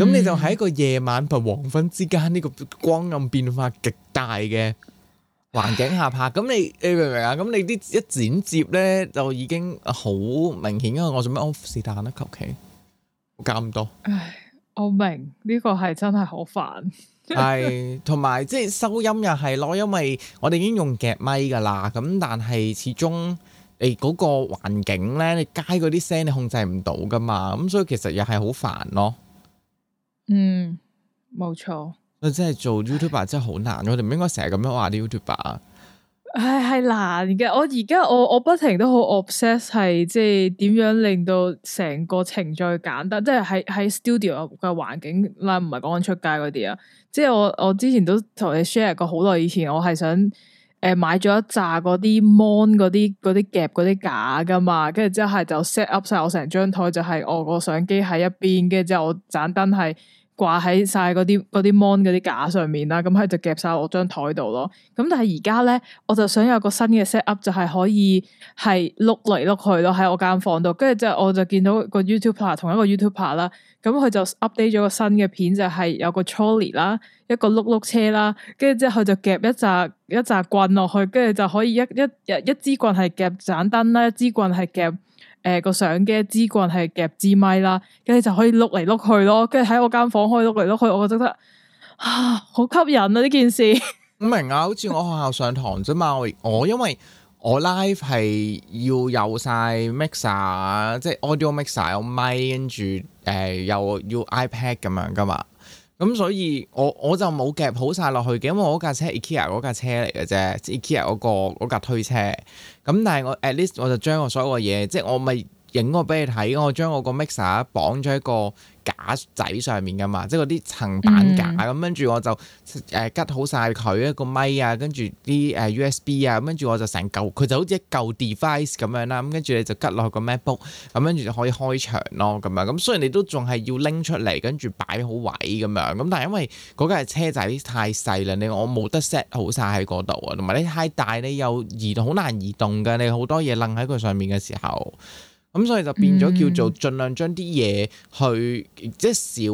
嗯、你就喺一個夜晚同黃昏之間呢個光暗變化極大嘅環境下拍，咁、嗯、你你明唔明啊？咁你啲一剪接咧就已經好明顯，因為我做咩 off 是但啦，求其搞唔到。唉，我明呢個係真係好煩。係，同埋 即係收音又係咯，因為我哋已經用夾咪噶啦，咁但係始終你嗰個環境咧，你街嗰啲聲你控制唔到噶嘛，咁所以其實又係好煩咯。嗯，冇錯。所以真係做 YouTuber 真係好難，唉我哋唔應該成日咁樣話啲 YouTuber 啊。係係難嘅，我而家我我不停都好 obsess 係即係點樣令到成個程序簡單，即係喺喺 studio 嘅環境啦，唔係講緊出街嗰啲啊。即係我我之前都同你 share 過，好耐以前我係想誒、呃、買咗一紮嗰啲 mon 嗰啲嗰啲夾嗰啲架㗎嘛，跟住之後係就，就 set up 晒我成張台，就係、是、我個相機喺一邊，跟住之後我盞燈係。掛喺晒嗰啲啲 mon 嗰啲架上面啦，咁佢就夾晒我張台度咯。咁但係而家咧，我就想有個新嘅 set up，就係可以係碌嚟碌去咯喺我間房度。跟住之後我就見到個 YouTuber 同一個 YouTuber 啦，咁佢就 update 咗個新嘅片，就係有個 trolley 啦，一個碌碌車啦，跟住之後佢就夾一紮一紮棍落去，跟住就可以一一一支棍係夾盞燈啦，一支棍係夾。誒，個、呃、相機一支棍係夾支咪啦，跟住就可以碌嚟碌去咯，跟住喺我間房可以碌嚟碌去，我覺得，得啊，好吸引啊呢件事。唔明啊，好似我學校上堂啫嘛， 我因為我 live 係要有晒 mixer，即係 audio mixer 有咪、er, er,，跟、呃、住誒又要 iPad 咁樣噶嘛。咁所以我，我我就冇夾好晒落去嘅，因為我架車係 IKEA 嗰架車嚟嘅啫，IKEA 嗰、嗰個嗰架推車。咁但係我 at least 我就將我所有嘅嘢，即係我咪。影我俾你睇，我將我個 mixer 綁咗一個架仔上面噶嘛，即係嗰啲層板架咁、嗯呃，跟住我就誒拮好晒佢一個咪啊，跟住啲誒 USB 啊，跟住我就成嚿佢就好似一嚿 device 咁樣啦，咁跟住你就吉落去個 MacBook，咁跟住就可以開場咯，咁樣咁雖然你都仲係要拎出嚟，跟住擺好位咁樣，咁但係因為嗰架車仔太細啦，你我冇得 set 好晒喺嗰度啊，同埋你太大，你又移好難移動嘅，你好多嘢擸喺佢上面嘅時候。咁所以就變咗叫做盡量將啲嘢去即係少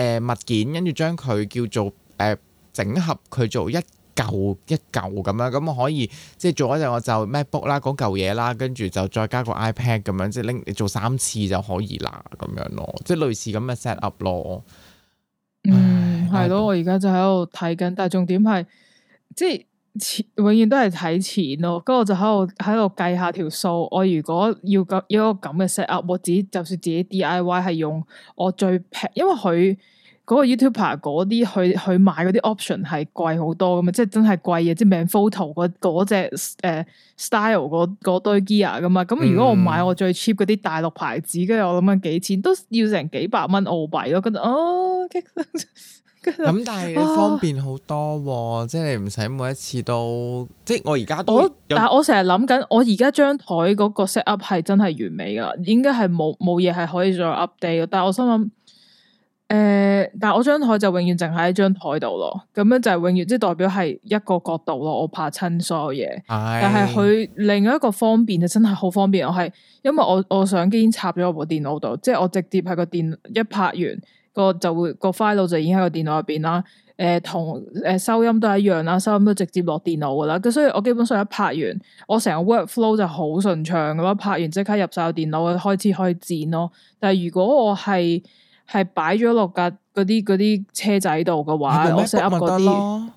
誒物件，跟住將佢叫做誒、呃、整合佢做一嚿一嚿咁樣，咁我可以即係做一陣，我就 MacBook 啦，嗰嚿嘢啦，跟住就再加個 iPad 咁樣，即係拎你做三次就可以啦，咁樣咯，即係類似咁嘅 set up 咯。嗯，係咯是，我而家就喺度睇緊，但係重點係即係。永遠都係睇錢咯，跟住我就喺度喺度計下條數。我如果要咁，要一個咁嘅 set up，我自己就算自己 D I Y 係用我最平，因為佢嗰，嗰個 YouTuber 嗰啲去去買嗰啲 option 係貴好多㗎嘛，即係真係貴嘅，即係 Manfrotto 嗰嗰隻誒、呃、style 嗰堆 gear 㗎嘛。咁如果我買我最 cheap 嗰啲大陸牌子，跟住、嗯、我諗緊幾錢，都要成幾百蚊澳幣咯，跟住哦， 咁但係方便好多，啊、即係你唔使每一次都，即係我而家。我但係我成日諗緊，我而家張台嗰個 set up 係真係完美㗎，應該係冇冇嘢係可以再 update。但係我心諗，誒、呃，但係我張台就永遠淨喺一張台度咯。咁樣就係永遠，即係代表係一個角度咯。我拍親所有嘢，哎、但係佢另一個方便就真係好方便。我係因為我我相機經插咗我部電腦度，即係我直接喺個電一拍完。個就會個 file 就已經喺個電腦入邊啦，誒同誒收音都係一樣啦，收音都直接落電腦噶啦，咁所以我基本上一拍完，我成個 workflow 就好順暢噶咯，拍完即刻入晒電腦，開始可以剪咯。但係如果我係係擺咗落架嗰啲嗰啲車仔度嘅話，是是我成日嗰啲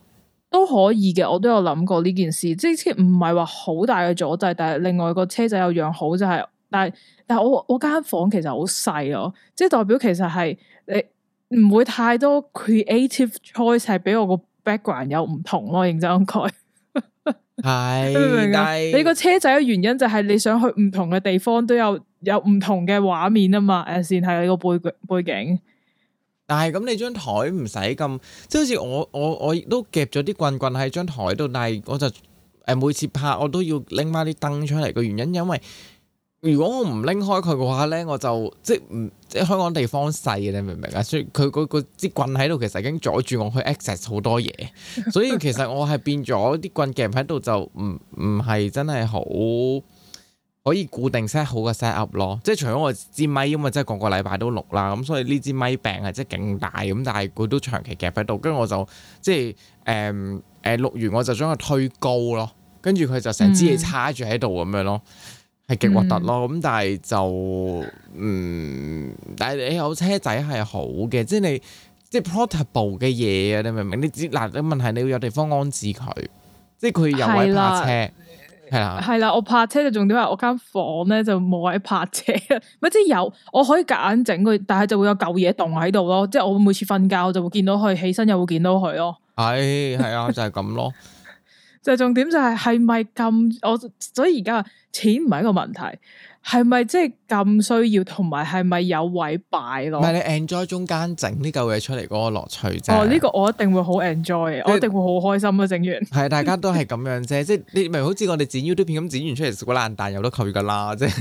都可以嘅，我都有諗過呢件事，即係唔係話好大嘅阻滯，但係另外個車仔又樣好就係、是，但係但係我我間房間其實好細咯，即係代表其實係。你唔會太多 creative choice 係俾我個 background 有唔同咯，認真講。係 是， 但係是你個車仔嘅原因就係你想去唔同嘅地方都有有唔同嘅畫面啊嘛，誒，先係你個背背景。但係咁，你張台唔使咁，即係好似我我我都夾咗啲棍棍喺張台度，但係我就誒、呃、每次拍我都要拎翻啲燈出嚟嘅原因，因為，如果我唔拎開佢嘅話咧，我就即係唔即係香港地方細嘅，你明唔明啊？所以佢嗰個支棍喺度，其實已經阻住我去 access 好多嘢。 所以其實我係變咗啲棍夾喺度，就唔唔係真係好可以固定 set 好嘅 set up 咯。即係除咗我支咪，因為即係個個禮拜都錄啦，咁所以呢支咪柄係，即係勁大咁，但係佢都長期夾喺度，跟住我就即係誒誒錄完我就將佢推高咯，跟住佢就成支嘢叉住喺度咁樣咯。係極核突咯，咁但係就嗯，但係你有車仔係好嘅，即係你即係 portable 嘅嘢啊，你明唔明？你知嗱，你問題你要有地方安置佢，即係佢又愛泊車，係啦，係啦，我泊車就重點係我間房咧就冇位泊車啊，咪 即係有，我可以夾硬整佢，但係就會有舊嘢棟喺度咯，即係我每次瞓覺我就會見到佢，起身又會見到佢、就是、咯。係係啊，就係咁咯。就重點就係係咪咁，我所以而家錢唔係一個問題，係咪即係咁需要，同埋係咪有位擺咯？唔係你 enjoy 中間整呢嚿嘢出嚟嗰個樂趣啫。哦，呢個我一定會好 enjoy，你我一定會好開心啊！整完係大家都係咁樣啫，即係 你咪好似我哋剪 YouTube 片咁剪完出嚟食個爛蛋，爛有得佢噶啦即啫。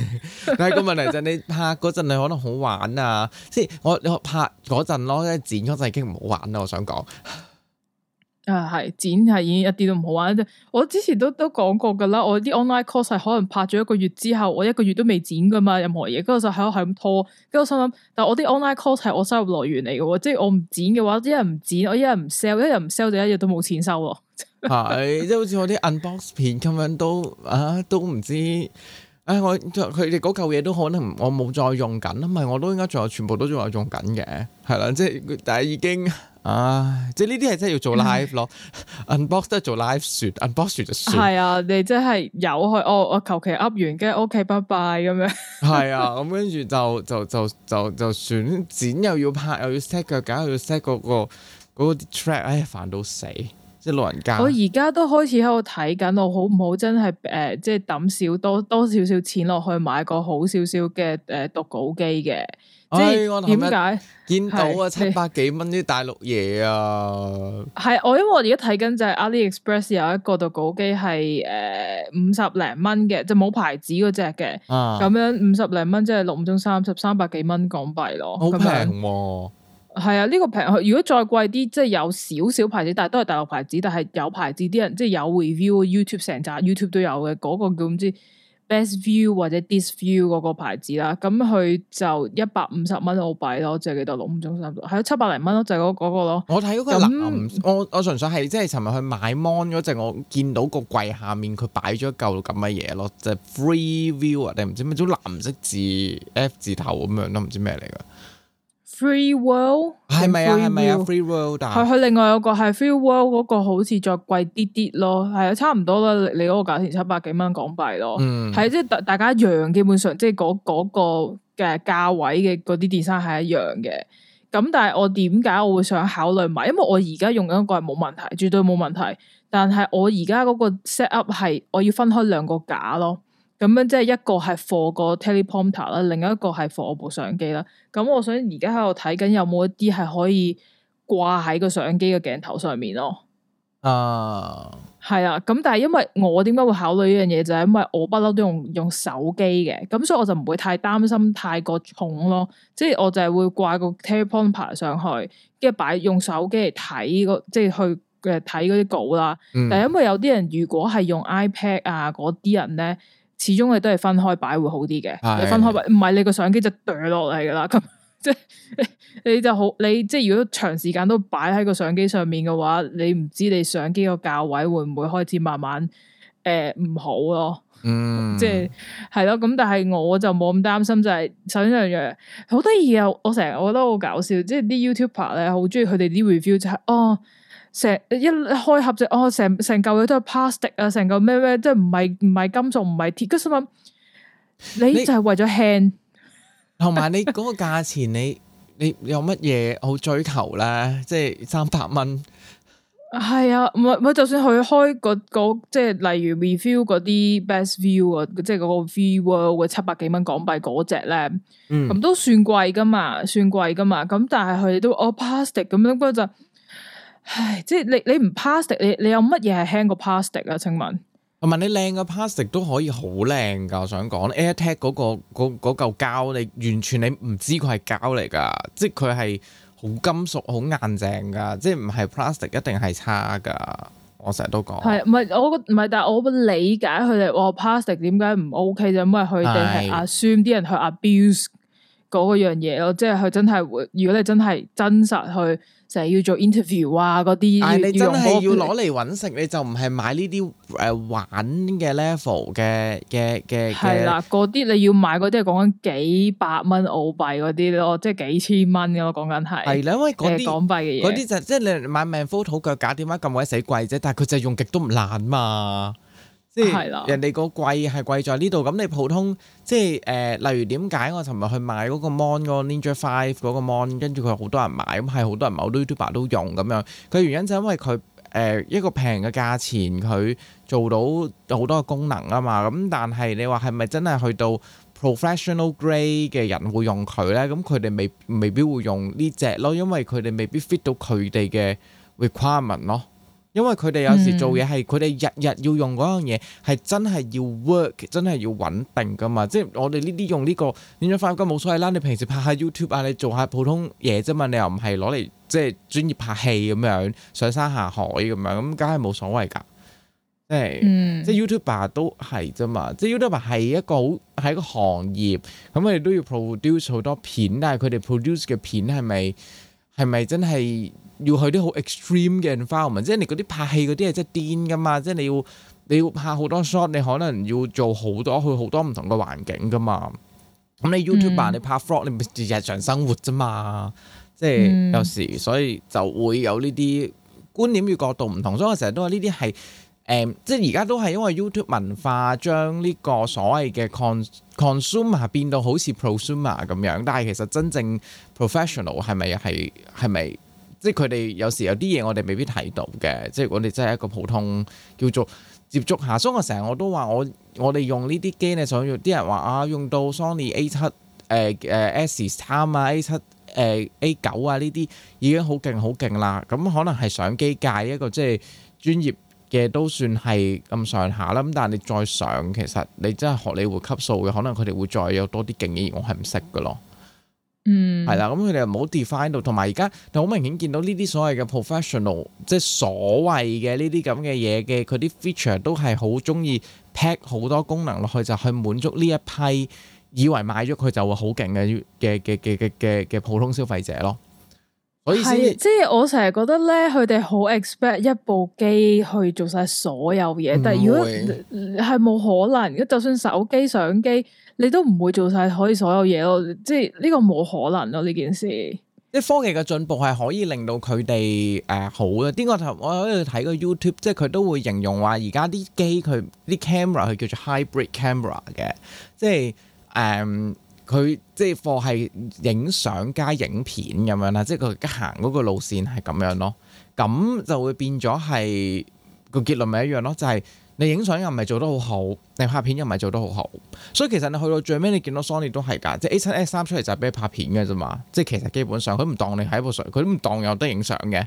但係個問題就係你拍嗰陣你可能好玩啊，即係 我，我拍嗰陣咯，剪嗰陣已經唔好玩啦。我想講。誒，係、啊、剪係已經一啲都唔好玩。我之前都都講過噶啦，我啲 online course 係可能拍咗一個月之後，我一個月都未剪噶嘛，任何嘢。咁我就喺度喺咁拖。咁我想諗，但係我啲 online course 係我收入來源嚟嘅，即係我唔剪嘅話，一日唔剪，我一日唔 sell，一日唔 sell，sell 就一日都冇錢收咯。係是 即係好似我啲 unbox 片咁樣都啊，都唔知。誒、哎，我佢哋嗰嚿嘢都可能我冇再用緊啊，唔係我都應該仲有全部都仲有用緊嘅，係啦，即係但係已經。唉、啊，即係呢啲係真係要做 live 咯、嗯、，unbox 都係做 live，說 unbox 就算。係啊，你真係有去，哦、我我求其噏完跟住 OK 拜拜 bye 咁樣。係 啊，咁跟住就就就就就選剪又要拍又要 set 腳架又要 set 嗰、那個嗰、那個 track，唉煩到死！即係老人家。我而家都開始喺度睇緊，我好唔好真係誒，即係抌少多多少少錢落去買個好少少嘅誒、呃、讀稿機嘅。即係點解見到啊七百幾蚊啲大陸嘢啊？係我因為我而家睇緊就係 AliExpress 有一個度稿機係誒五十零蚊嘅就冇、是就是、牌子嗰隻嘅咁樣五十零蚊即係六五中三十三百幾蚊港幣咯好平喎係啊呢個平如果再貴啲即係有少少牌子但係都係大陸牌子但係有牌子啲人即係、就是、有 review YouTube 成扎 YouTube 都有嘅嗰、那個叫唔知。Best View 或者 Dis View 嗰個牌子啦，咁佢就一百五十蚊澳幣咯，即係記得六五種三度，係咯七百零蚊咯，就係、是、嗰、嗰個咯。嗰個、我睇嗰個藍，那我我純粹係即係尋日去買 Mon 嗰陣，我見到個櫃下面佢擺咗嚿咁嘅嘢咯，就係、Free View 啊定唔知咩種藍色字 F 字頭咁樣都唔知咩嚟㗎。Free World 係咪啊？係咪啊？Free World 但係佢另外有個係 Free World 嗰個好似再貴啲啲咯，係啊，差唔多啦。你你嗰個價錢七百幾蚊港幣咯，係、嗯、即係大大家一樣，基本上即係嗰嗰個嘅價位嘅嗰啲 design 係一樣嘅。咁但係我點解我會想考慮買？因為我而家用緊個係冇問題，絕對冇問題。但係我而家嗰個 set up 係我要分開兩個架咯。咁樣即係一個係 for 個 teleprompter 啦，另一個係 for 我部相機啦。咁我想而家喺度睇緊有冇一啲係可以掛喺個相機嘅鏡頭上面咯。啊，係啊。咁但係因為我點解會考慮呢樣嘢就係、是、因為我不嬲都用用手機嘅，咁所以我就唔會太擔心太過重咯。即係我就係會掛個 teleprompter 上去，跟住擺用手機嚟睇，即係去誒睇嗰啲稿啦。嗯、但係因為有啲人如果係用 iPad 啊嗰啲人咧。始終你都係分開擺會好啲嘅，你是的 分開擺唔係你個相機就掉落嚟噶啦，咁即係你就好，你即係如果長時間都擺喺個相機上面嘅話，你唔知你相機個價位會唔會開始慢慢誒唔、呃、好咯，嗯即，即係係咯，咁但係我就冇咁擔心，就係首先一樣嘢好得意啊，我成日我覺得好搞笑，即係啲 YouTuber 咧好中意佢哋啲 review 就係、是、哦。成一開盒就哦，成成嚿嘢都係 plastic 啊，成嚿咩咩，即係唔係唔係金屬，唔係鐵。佢想問，你就係為咗 hand？同埋你嗰 個價錢，你你有乜嘢好追求咧？即係三百蚊。係 啊，唔係唔係，就算佢開嗰即係例如 review 嗰啲 best view 啊，即係嗰個 view world 七百幾蚊港幣嗰隻咧，咁、嗯、都算貴噶嘛，算貴噶嘛。咁但係佢哋都哦 plastic 咁樣，不過就。唉，即係你你唔 plastic，你你有乜嘢係輕過 plastic 啊？請問唔係你靚嘅 plastic 都可以好靚噶。我想講 airtech 嗰個嗰嚿膠，你完全你唔知佢係膠嚟噶，即係佢係好金屬好硬淨噶，即係唔係 plastic 一定係差噶。我成日都講係唔係我唔係，但係我理解佢哋話 plastic 點解唔 ok，就因為佢哋係阿 assume 啲人去阿 abuse 嗰個樣嘢咯，是即係佢真係會，如果你真係真實去。就係要做 interview 啊，嗰啲。你就係要攞嚟揾食，你就唔係買呢啲誒玩嘅 level 嘅嘅嘅。係啦，嗰啲你要買嗰啲，係講緊幾百蚊澳幣嗰啲咯，即係幾千蚊嘅咯，講緊係。係啦，因為、呃、港幣嘅嘢。嗰啲就係、即係你買 Manfrotto 腳架，點解咁鬼死貴啫？但係佢就係用極都唔爛嘛。即係的人哋個貴係貴在呢度，咁你普通即係誒、呃，例如點解我尋日去買嗰個 Mon 嗰、嗰個 Ninja Five 嗰個 Mon，跟住佢好多人買，咁係好多人買、買，YouTube 都用咁樣。佢原因就因為佢誒、呃、一個平嘅價錢，佢做到好多嘅功能啊嘛。咁但係你話係咪真係去到 Professional Grade 嘅人會用佢咧？咁佢哋未未必會用呢隻咯，因為佢哋未必 fit 到佢哋嘅 requirement 咯。因為佢哋有時做嘢係佢哋日日要用嗰樣嘢，係、嗯、真係要 work，真係要穩定噶嘛。即係我哋呢啲用呢、呢個呢種花金冇所謂啦。你平時拍下 YouTube 啊，你做下普通嘢啫嘛。你又唔係攞嚟即係專業拍戲咁樣，上山下海咁樣，咁梗係冇所謂㗎。即係、嗯，即係 YouTuber 都係啫嘛。即係 YouTuber 係一個好係一個行業，咁我哋都要 produce 好多片，但係佢哋 produce 嘅片係咪？係咪真係要去啲好 extreme 嘅 environment？即係你嗰啲拍戲嗰啲係真係癲噶嘛？即係你要你要拍好多 shot，你可能要做好多去好多唔同嘅環境噶嘛。咁你 YouTuber 啊、嗯，你拍 Vlog，你咪日常生活啫嘛。即係有時，所以就會有呢啲觀點與角度唔同。所以我成日都話呢啲係。嗯、即係而家都係因為 YouTube 文化，將呢個所謂嘅 consumer 變到好似 prosumer 咁樣，但係其實真正 professional 係咪係係咪？即係佢哋有時有啲嘢我哋未必睇到嘅，即係我哋真係一個普通叫做接觸下。所以我成日我都話我我哋用呢啲機咧，想要啲人話啊，用到 Sony A 七誒誒 A 三、呃、啊，A 七誒 A 九啊呢啲已經好勁好勁啦。咁可能係相機界一個即係專業。嘅都算係咁上下啦，咁但係你再上，其實你真係學你會級數嘅，可能佢哋會再有多啲勁嘅我係唔識㗎咯。嗯，係啦，咁佢哋又冇 define 到，同埋而家好明顯見到呢啲所謂嘅 professional，即係所謂嘅呢啲咁嘅嘢嘅，佢啲 feature 都係好中意 pack 好多功能落去，就去滿足呢一批以為買咗佢就會好勁嘅嘅嘅嘅嘅嘅普通消費者咯。係，即係、就是、我成日覺得咧，佢哋好 expect 一部機去做晒所有嘢，會但係如果係冇可能，如果就算手機相機，你都唔會做晒可以所有嘢咯，即係呢個冇可能咯呢件事。啲科技嘅進步係可以令到佢哋誒好嘅。呢個頭我喺度睇個 YouTube，即係佢都會形容話而家啲機佢啲 camera 佢叫做 hybrid camera 嘅，即係誒。呃佢即係貨係影相加影片咁樣啦，即係佢行嗰個路線係咁樣咯，咁就會變咗係個結論咪一樣咯，就係你影相又唔係做得好好，你拍片又唔係做得好好，所以其實你去到最尾你見到 Sony 都係㗎，即係 A 七 S 三出嚟就係俾你拍片嘅啫嘛，即係其實基本上佢唔當你係一部相，佢都唔當有得影相嘅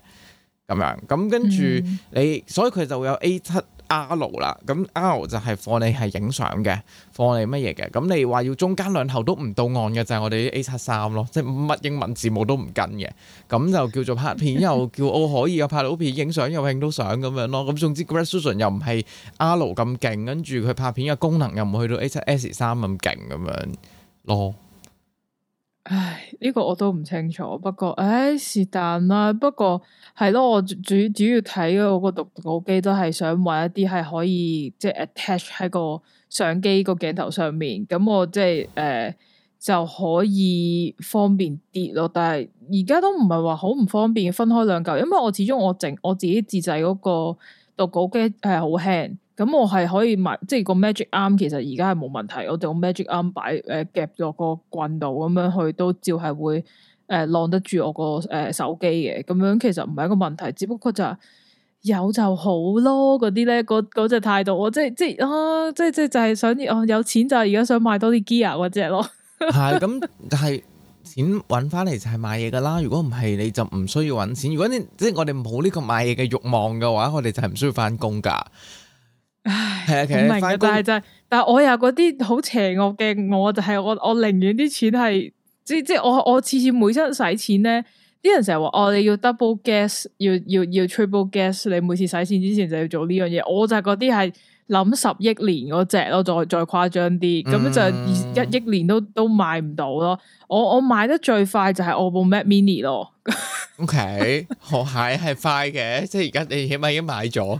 咁樣，咁跟住你，所以佢就會有 A 七。R 六啦，咁 R 六就係放你係影相嘅，放你乜嘢嘅，咁你話要中間兩頭都唔到岸嘅就係我哋啲 A 七三咯，即係乜英文字母都唔跟嘅，咁就叫做拍片又叫我可以啊拍到片，影相又影到相咁樣咯，咁總之 Graduation 又唔係 R 六咁勁，跟住佢拍片嘅功能又唔去到 A 七 S 三咁勁咁樣咯。唉，呢個我都唔清楚，不過唉是但啦，不過。係咯，我主主要睇我個讀稿機都係想揾一啲係可以即係、就是、attach 喺個相機個鏡頭上面，咁我即係誒就可以方便啲咯。但係而家都唔係話好唔方便分開兩嚿，因為我始終我整我自己自製嗰個讀稿機係好輕，咁我係可以買即係、就是、個 magic arm 其實而家係冇問題，我用 magic arm 擺誒夾咗個棍度咁樣去都照係會。誒，晾、呃、得住我個誒、呃、手機嘅，咁樣其實唔係一個問題，只不過就係有就好咯。嗰啲咧，嗰嗰隻態度，我即係即係，即係、啊、即係、啊、就係想哦、啊，有錢就而家想買多啲 gear 嗰隻咯。係 咁，但係錢搵翻嚟就係買嘢噶啦。如果唔係，你就唔需要搵錢。如果你即係我哋冇呢個買嘢嘅欲望嘅話，我哋就係唔需要翻工噶。唉，係啊，其實翻工即係，但係、就係、我又嗰啲好邪惡嘅，我就係我我寧願啲錢係。即即我我次次每次使錢，咧，啲人成日話哦你要 double guess，要要要 triple guess，你每次使錢之前就要做呢樣嘢。我就係嗰啲係諗十億年嗰隻咯，再再誇張啲，咁就一億年都都買唔到咯。我我買得最快就係我部 Mac Mini 咯。OK，學蟹係快嘅，即係而家你起碼已經買咗。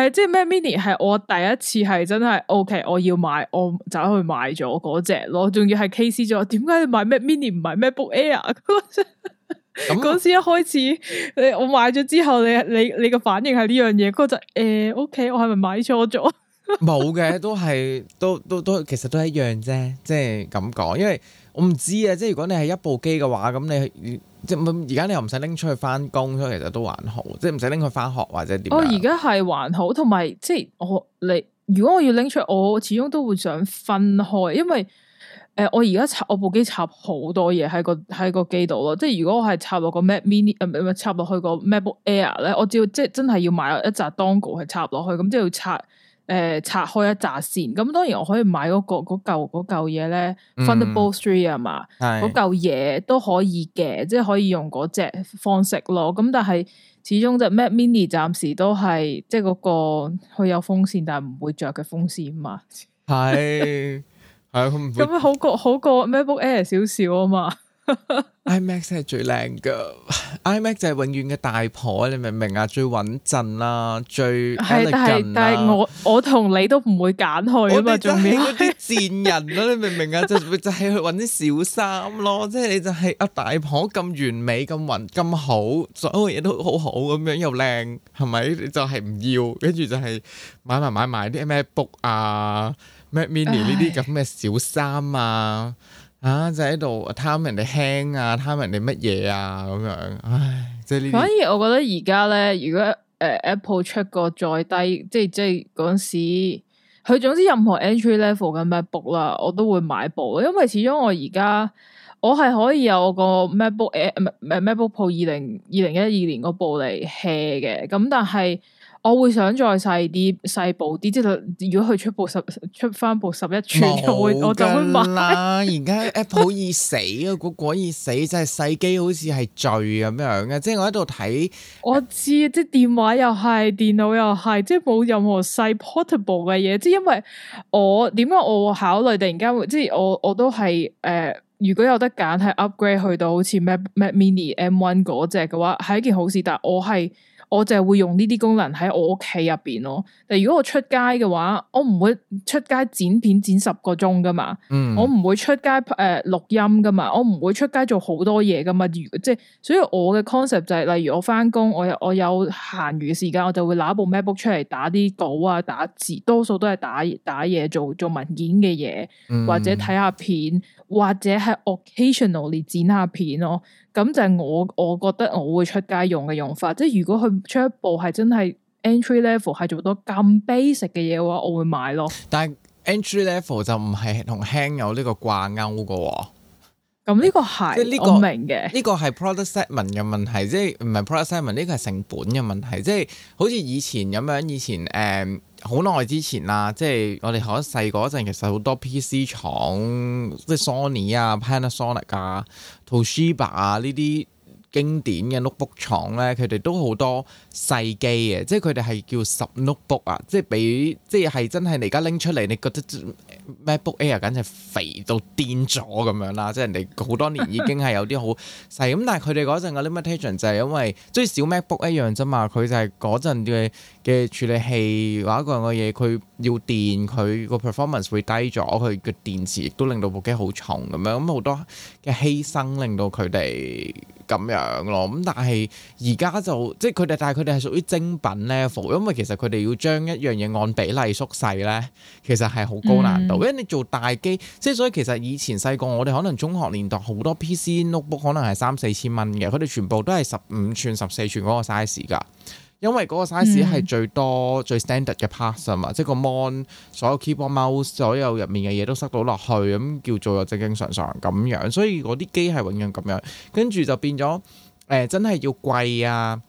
係即係咩 mini 係我第一次係真係 OK，我要買我就去買咗嗰隻咯，仲要係 KC 咗。點解你買咩 mini 唔買 MacBook Air？嗰、 嗯、 時一開始你我買咗之後，你你你個反應係呢樣嘢，嗰、嗯、就誒、欸、OK，我係咪買錯咗？冇 嘅，都係都都都其實都一樣啫，即係咁講，因為。我唔知啊，即係如果你係一部機嘅話，咁你即係而家你又唔使拎出去返工，所以其實都還好，即係唔使拎去返學或者點。我而家係還好，同埋即係我你如果我要拎出去，我始終都會想分開，因為誒、呃、我而家插我部機插好多嘢喺個喺個機度咯，即係如果我係插落個 Mac Mini，呃、唔係插落去個 MacBook Air 咧，我只要即係真係要買一紮 dongle 係插落去，咁即係要插。誒、呃，拆開一扎線，咁當然我可以買嗰、那個嗰嚿嘢咧，Thunderbolt 3啊嘛，嗰嚿嘢都可以嘅，即、就、係、是、可以用嗰隻方式咯。咁但係始終就是、Mac Mini 暫時都係即係、那、嗰個佢有風扇但係唔會着嘅風扇嘛，係係咁好過好過 MacBook Air 少少啊嘛。 imax 係最靚噶，imax 就係永遠嘅大婆，你明唔明啊？最穩陣啦，最係但係但係我我同你都唔會揀去，啊嘛，仲搵嗰啲賤人咯、啊， 你明唔明啊？就是、就係、是、去搵啲小三咯，即係你就係、是、阿大婆咁完美咁穩咁好，所有嘢都好好咁樣又靚，係咪？你就係、是、唔要，跟住就係買埋買埋啲 MacBook 啊 ，mac mini 呢啲咁嘅小三啊。啊！就喺度貪人哋輕啊，貪人哋乜嘢啊咁樣，唉！即係反而我覺得而家咧，如果誒、呃、Apple 出個再低，即係即係嗰陣時，佢總之任何 entry level 嘅 MacBook 啦，我都會買部，因為始終我而家我係可以有個 MacBook Air、啊、唔 MacBook Pro 二零二零一二年嗰部嚟嘅，咁但係。我會想再細啲、細部啲，即係如果佢出部十出翻部十一寸，我會我就會買。而家 Apple 已死啊，果個已死，即係細機好似係罪咁樣嘅。即係我喺度睇，我知即係電話又係，電腦又係，即係冇任何細 portable 嘅嘢。即係因為我點解我會考慮突然間會，即係我我都係誒、呃，如果有得揀，係 upgrade 去到好似 Mac Mac Mini M One 嗰隻嘅話，係一件好事。但係我係。我就係會用呢啲功能喺我屋企入邊咯。但如果我出街嘅話，我唔會出街剪片剪十個鐘噶嘛。嗯，我唔會出街誒、呃、錄音噶嘛，我唔會出街做好多嘢噶嘛。如即係，所以我嘅 concept 就係、是，例如我翻工，我有我有閒餘時間，我就會拿部 MacBook 出嚟打啲稿啊，打字，多數都係打打嘢做做文件嘅嘢，嗯，或者睇下片，或者係 occasionally 剪下片咯。咁就係我我覺得我會出街用嘅用法，即係如果佢出一部，係真係 entry level 係做到咁 basic 嘅嘢嘅話，我會買咯。但係 entry level 就唔係同輕有呢個掛鈎噶喎。咁呢、嗯呢個係呢、呢個明嘅，呢個係 product segment 嘅問題，即係唔係 product segment 呢個係成本嘅問題，即係好似以前咁樣，以前誒。呃好耐之前啦，即係我哋學得細個嗰陣，其實好多 PC 廠，即係 Sony 啊、Panasonic 啊、Toshiba 啊呢啲經典嘅 notebook 廠咧，佢哋都好多。細機嘅，即係佢哋係叫十 notebook 啊，即係比即係係真係你而家拎出嚟，你覺得 MacBook Air 簡直肥到癲咗咁樣啦！即係人哋好多年已經係有啲好細，咁，但係佢哋嗰陣嘅 limitation 就係因為即係、就是、小 MacBook 一樣啫嘛，佢就係嗰陣嘅嘅處理器玩嗰樣嘅嘢，佢要電佢個 performance 會低咗，佢嘅電池亦都令到部機好重咁樣，咁好多嘅犧牲令到佢哋咁樣咯。咁但係而家就即係佢哋，但係佢。佢哋係屬於精品 level，因為其實佢哋要將一樣嘢按比例縮細咧，其實係好高難度。嗯、因為你做大機，即係所以其實以前細個我哋可能中學年代好多 PC notebook 可能係三四千蚊嘅，佢哋全部都係十五吋、十四吋嗰個 size 㗎，因為嗰個 size 係最多最 standard 嘅 p a s、嗯、s 啊嘛，即係個 mon 所有 keyboard mouse 所有入面嘅嘢都塞到落去，咁叫做又正正常常咁樣，所以嗰啲機係永遠咁樣。跟住就變咗誒，真係要貴啊！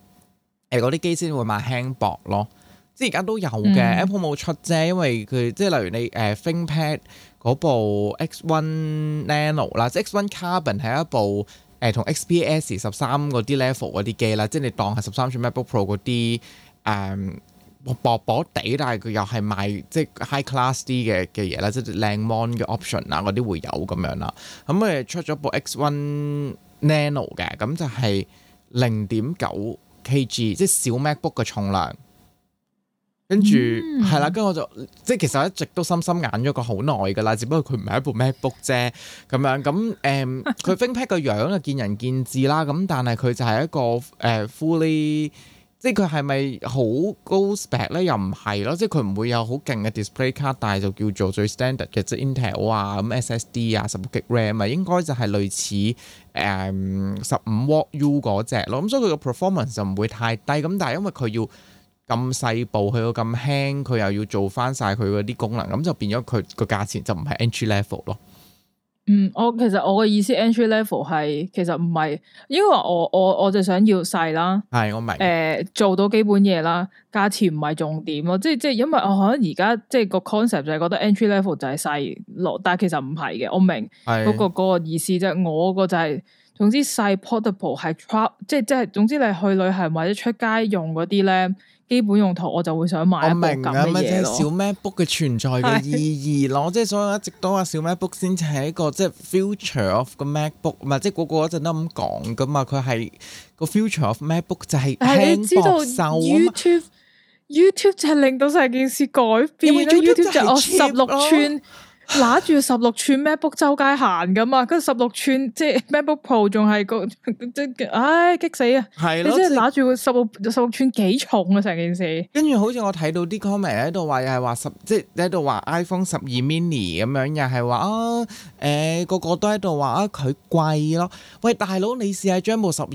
係嗰啲機先會賣輕薄咯，即係而家都有嘅。嗯、Apple 冇出啫，因為佢即係例如你誒、呃、ThinkPad 嗰部 X1 Nano 啦、呃，即係 X1 Carbon 係一部誒同 XPS 十三嗰啲 level 嗰啲機啦，即係你當係十三寸 MacBook Pro 嗰啲誒薄薄地，但係佢又係賣即係 high class 啲嘅嘅嘢啦，即係靚 mon 嘅 option 啊，嗰啲會有咁樣啦。咁誒出咗部 X1 Nano 嘅，咁就係零點九。Kg 即係小 MacBook 嘅重量。跟住係啦，跟住、嗯、我就即係其實我一直都深深眼咗個好耐噶啦，只不過佢唔係一部 MacBook 啫，咁樣咁，誒，佢 ThinkPad 嘅樣啊，見仁見智啦，咁但係佢就係一個誒、uh, fully。即係佢係咪好高 spec 咧？又唔係咯，即係佢唔會有好勁嘅 display card，但係就叫做最 standard 嘅即係 Intel 啊，咁 SSD 啊，十六 G RAM 啊，應該就係類似誒十五 W U 嗰隻咯。咁、嗯、所以佢個 performance 就唔會太低。咁但係因為佢要咁細部，佢要咁輕，佢又要做翻晒佢嗰啲功能，咁就變咗佢個價錢就唔係 entry level 咯。嗯，我其實我嘅意思 entry level 係其實唔係，因為我我我就想要細啦，係我明，誒、呃、做到基本嘢啦，價錢唔係重點咯，即係即係因為我可能而家即係個 concept 就係覺得 entry level 就係細落，但係其實唔係嘅，我明，係嗰是、嗰個嗰、嗰個意思即啫，我個就係、是、總之細 portable 係 trap，即係即係總之你去旅行或者出街用嗰啲咧。基本用途我就會想買一部咁嘅嘢咯。小 MacBook 嘅存在嘅意義咯，即係是所以一直都話小 MacBook 先至係一個即係 future of 個 MacBook，唔係即係個個嗰陣都咁講噶嘛。佢係個 future of MacBook 就係輕薄、啊、你知道 YouTube YouTube 就係令到成件事改變啊！YouTube 就我十六寸。拿住十六寸 MacBook 周街行噶嘛，跟住十六寸即係 MacBook Pro 仲係個，即唉激死啊，係咯！你真係拿住個十六十六寸幾重啊成件事？跟住好似我睇到啲 comment 喺度話又係話十，即係你喺度話 iPhone 十二 mini 咁樣，又係話啊，誒、呃、個個都喺度話啊佢貴咯。喂大佬，你試下將部十二。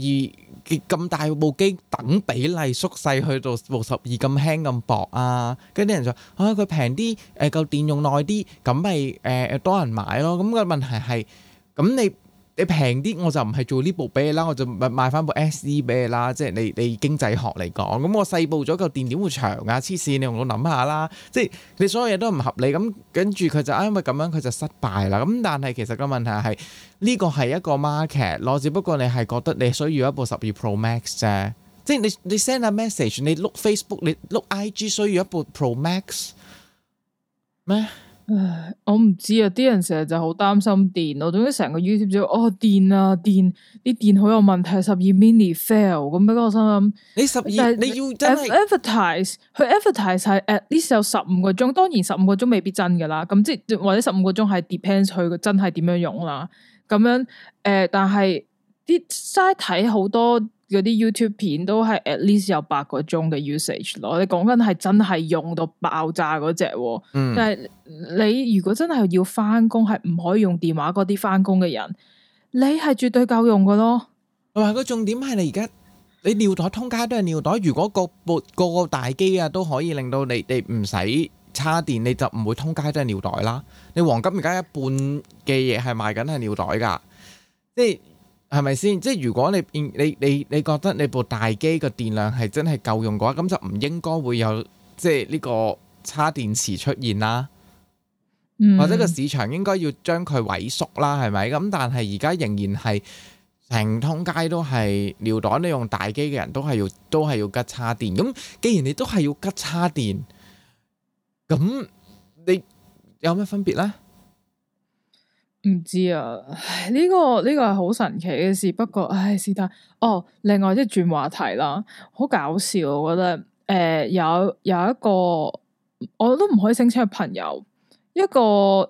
咁大部機等比例縮細去到六十二咁輕咁薄啊，跟住啲人就啊佢平啲，誒夠電用耐啲，咁咪誒多人買咯。咁個問題係，咁你。你平啲我就唔係做呢部俾你啦，我就賣賣翻部 SE 俾你啦。即係你你經濟學嚟講，咁我細部咗個電點會長啊？黐線，你用腦諗下啦。即係你所有嘢都唔合理，咁跟住佢就因為咁樣佢就失敗啦。咁但係其實個問題係呢個係一個 market 咯，只不過你係覺得你需要一部十二 Pro Max 啫。即係你你 send 啊 message，你碌 Facebook，你碌 IG，需要一部 Pro Max 咩？唉，我唔知啊！啲人成日就好擔心電，我總之成個 YouTube 就哦電啊電，啲電好有問題。十二 mini fail 咁，咁我心諗你十二但你要真係 advertise，佢 advertise 係 at least 有十五個鐘，當然十五個鐘未必真噶啦。咁即或者十五個鐘係 depends 佢真係點樣用啦。咁樣誒、呃，但係啲齋睇好多。嗰啲 YouTube 片都係 at least 有八個鐘嘅 usage 咯，你講緊係真係用到爆炸嗰隻，嗯、但係你如果真係要返工，係唔可以用電話嗰啲返工嘅人，你係絕對夠用噶咯。同埋，個重點係你而家你尿袋通街都係尿袋，如果個撥個個大機啊都可以令到你哋唔使插電，你就唔會通街都係尿袋啦。你黃金而家一半嘅嘢係賣緊係尿袋噶，即係。係咪先？即係如果你變你你你覺得你部大機個電量係真係夠用嘅話，咁就唔應該會有即係呢個叉電池出現啦。嗯、或者個市場應該要將佢萎縮啦，係咪？咁但係而家仍然係成通街都係尿袋，你用大機嘅人都係要都係要吉叉電。咁既然你都係要吉叉電，咁你有咩分別咧？唔知啊，呢、這個呢、這個係好神奇嘅事，不過唉，是但哦。另外即係轉話題啦，好搞笑，我覺得誒、呃、有有一個我都唔可以聲稱係朋友，一個誒、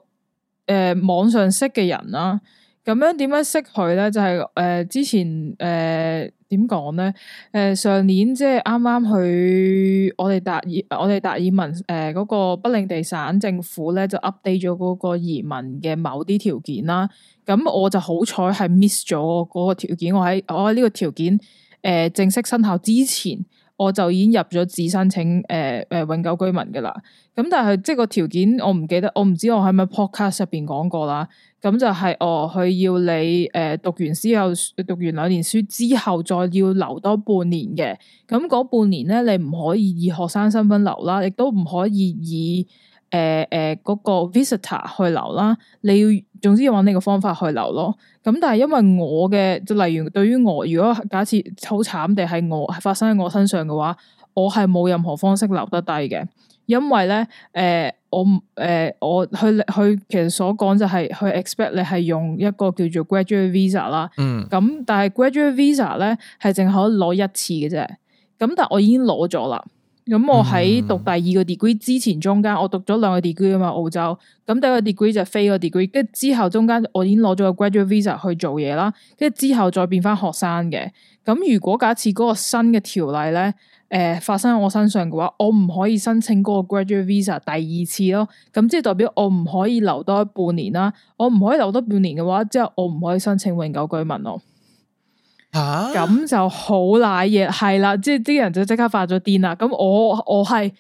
呃、網上識嘅人啦、啊。咁樣點樣識佢咧？就係、是、誒、呃、之前誒。呃點講咧？誒、呃，上年即係啱啱去我哋達爾我哋達爾文誒嗰個不領地省政府咧，就 update 咗嗰個移民嘅某啲條件啦。咁、嗯、我就好彩係 miss 咗嗰個條件，我喺我喺呢個條件誒、呃、正式生效之前，我就已經入咗自申請誒誒、呃呃、永久居民噶啦。咁、嗯、但係即係個條件我唔記得，我唔知我係咪 podcast 入邊講過啦。咁就係、是、哦，佢要你誒、呃、讀完書後，讀完兩年書之後，再要留多半年嘅。咁嗰半年咧，你唔可以以學生身份留啦，亦都唔可以以誒誒嗰個 visitor 去留啦。你要總之要搵呢個方法去留咯。咁但係因為我嘅，就例如對於我，如果假設好慘地係我發生喺我身上嘅話，我係冇任何方式留得低嘅，因為咧誒。呃我唔、呃、我去，佢其實所講就係、是、去 expect 你係用一個叫做 graduate visa 啦，咁、嗯、但係 graduate visa 咧係淨可以攞一次嘅啫。咁但我已經攞咗啦。咁我喺讀第二個 degree 之前中間，我讀咗兩個 degree 啊嘛，澳洲。咁第一個 degree 就飛個 degree，跟之後中間我已經攞咗個 graduate visa 去做嘢啦。跟住之後再變翻學生嘅。咁如果假設嗰個新嘅條例咧？誒、呃，發生喺我身上嘅話，我唔可以申請嗰個 graduate visa 第二次咯。咁即係代表我唔可、啊、可以留多半年啦。我唔可以留多半年嘅話，即係我唔可以申請永久居民咯。吓蛤，咁就好瀨嘢，係啦，即係啲人就即刻發咗癲啦。咁我我係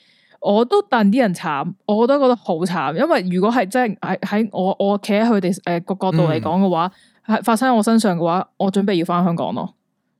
我都戥啲人慘，我都覺得好慘。因為如果係真係喺我我企喺佢哋誒個角度嚟講嘅話，係、嗯、發生喺我身上嘅話，我準備要翻香港咯。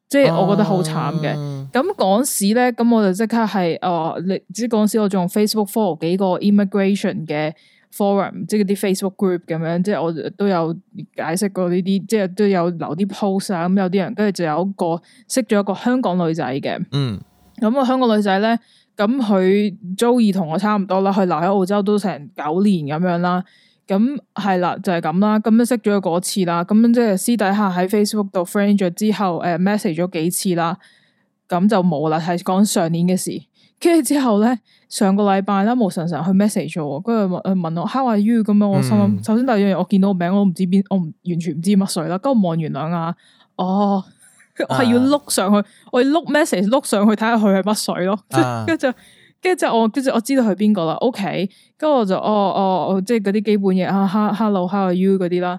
即係我覺得好慘嘅。啊咁講時咧，咁我就即刻、呃、即刻係你知講時我仲用 Facebook follow 幾個 immigration 嘅 forum，即嗰啲 Facebook group 咁樣，即我都有解釋過呢啲，即都有留啲 post 啊。咁有啲人跟住就有一個識咗一個香港女仔嘅，嗯，咁個香港女仔咧，咁佢遭遇同我差唔多啦，佢留喺澳洲都成九年咁樣啦，咁係啦，就係咁啦，咁樣識咗嗰次啦，咁樣即私底下喺 Facebook 度 friend 咗之後，誒、呃、message 咗幾次啦。咁就冇啦，係講上年嘅事。跟住之後咧，上個禮拜啦，無常常去 message 我，跟住問，問我 how are you 咁樣。我心諗，嗯、首先第一樣嘢，我見到個名，我唔知邊，我唔完全唔知乜水啦。咁我望完兩下，哦，係 要碌上去，uh, 我要碌 message 碌上去睇下佢係乜水咯。跟住就，跟住就我，跟住我知道佢邊個啦。Uh, OK，跟住我就，哦哦，即係嗰啲基本嘢，哈、uh, hello how are you 嗰啲啦。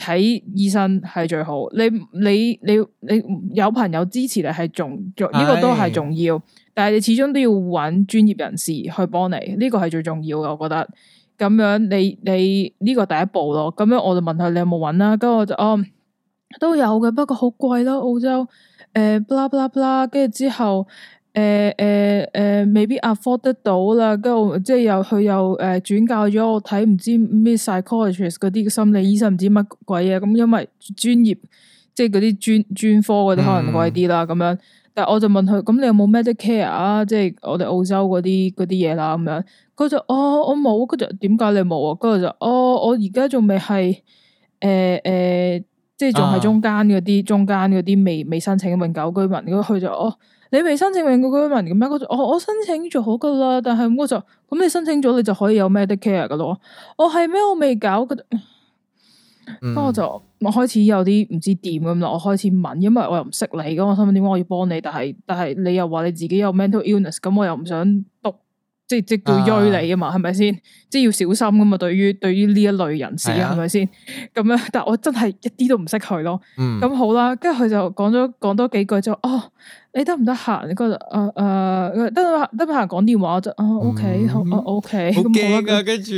睇醫生係最好，你你你你有朋友支持你係重重，呢個都係重要。哎、但係你始終都要揾專業人士去幫你，呢個係最重要嘅，我覺得。咁樣你你呢個第一步咯。咁樣我就問佢，你有冇揾啦，跟我就哦都有嘅，不過好貴咯，澳洲誒，bla bla bla，跟住之後。誒誒誒，未必 afford 得到啦，跟住即係又佢又誒轉教咗我睇唔知咩 psychologist 嗰啲心理言醫生唔知乜鬼嘢，咁因為專業即係嗰啲專專科嗰啲可能貴啲啦，咁樣。但係我就問佢，咁、嗯啊、你有冇 Medicare 啊？即係、就是、我哋澳洲嗰啲嗰啲嘢啦，咁樣。佢就哦，我冇。佢就點解你冇啊？跟住就哦，我而家仲未係誒誒，即係仲係中間嗰啲，啊、中間嗰啲未未申請永久居民。咁佢就哦。哦你未申請外國居民咁咩？我就、哦、我申請咗好噶啦，但係我就咁你申請咗，你就可以有 Medicare 噶咯。我係咩？我未搞嘅，咁我就我開始有啲唔知點咁啦。我開始問，因為我又唔識你咁，我心諗點解我要幫你？但係但係你又話你自己有 mental illness，咁我又唔想讀。即即叫追你啊嘛，係咪先？即要小心咁嘛，對於對於呢一類人士，係咪先？咁樣，但係我真係一啲都唔識佢咯。咁、嗯、好啦，跟住佢就講咗講多幾句之後，哦，你得唔得閒？佢就誒誒，得得唔得閒講電話就哦、啊、，OK，好，我、啊、OK。嗯嗯、好驚啊！跟住，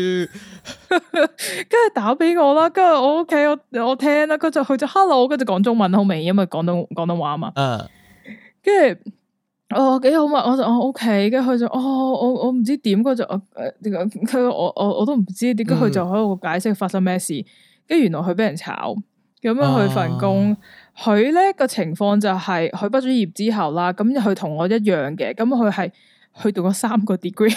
跟住 打俾我啦。跟住我 OK，我我聽啦。跟住佢就 Hello，跟住講中文好味，因為講到講到話嘛。嗯，跟住。哦，幾好嘛，我就我 o K，嘅，佢、哦 OK，就哦，我我唔知點嗰就誒，佢我我我都唔知點解佢就喺度解釋發生咩事，跟住原來佢俾人炒，咁樣去份工，佢咧個情況就係佢畢咗業之後啦，咁佢同我一樣嘅，咁佢係去讀咗三個 degree，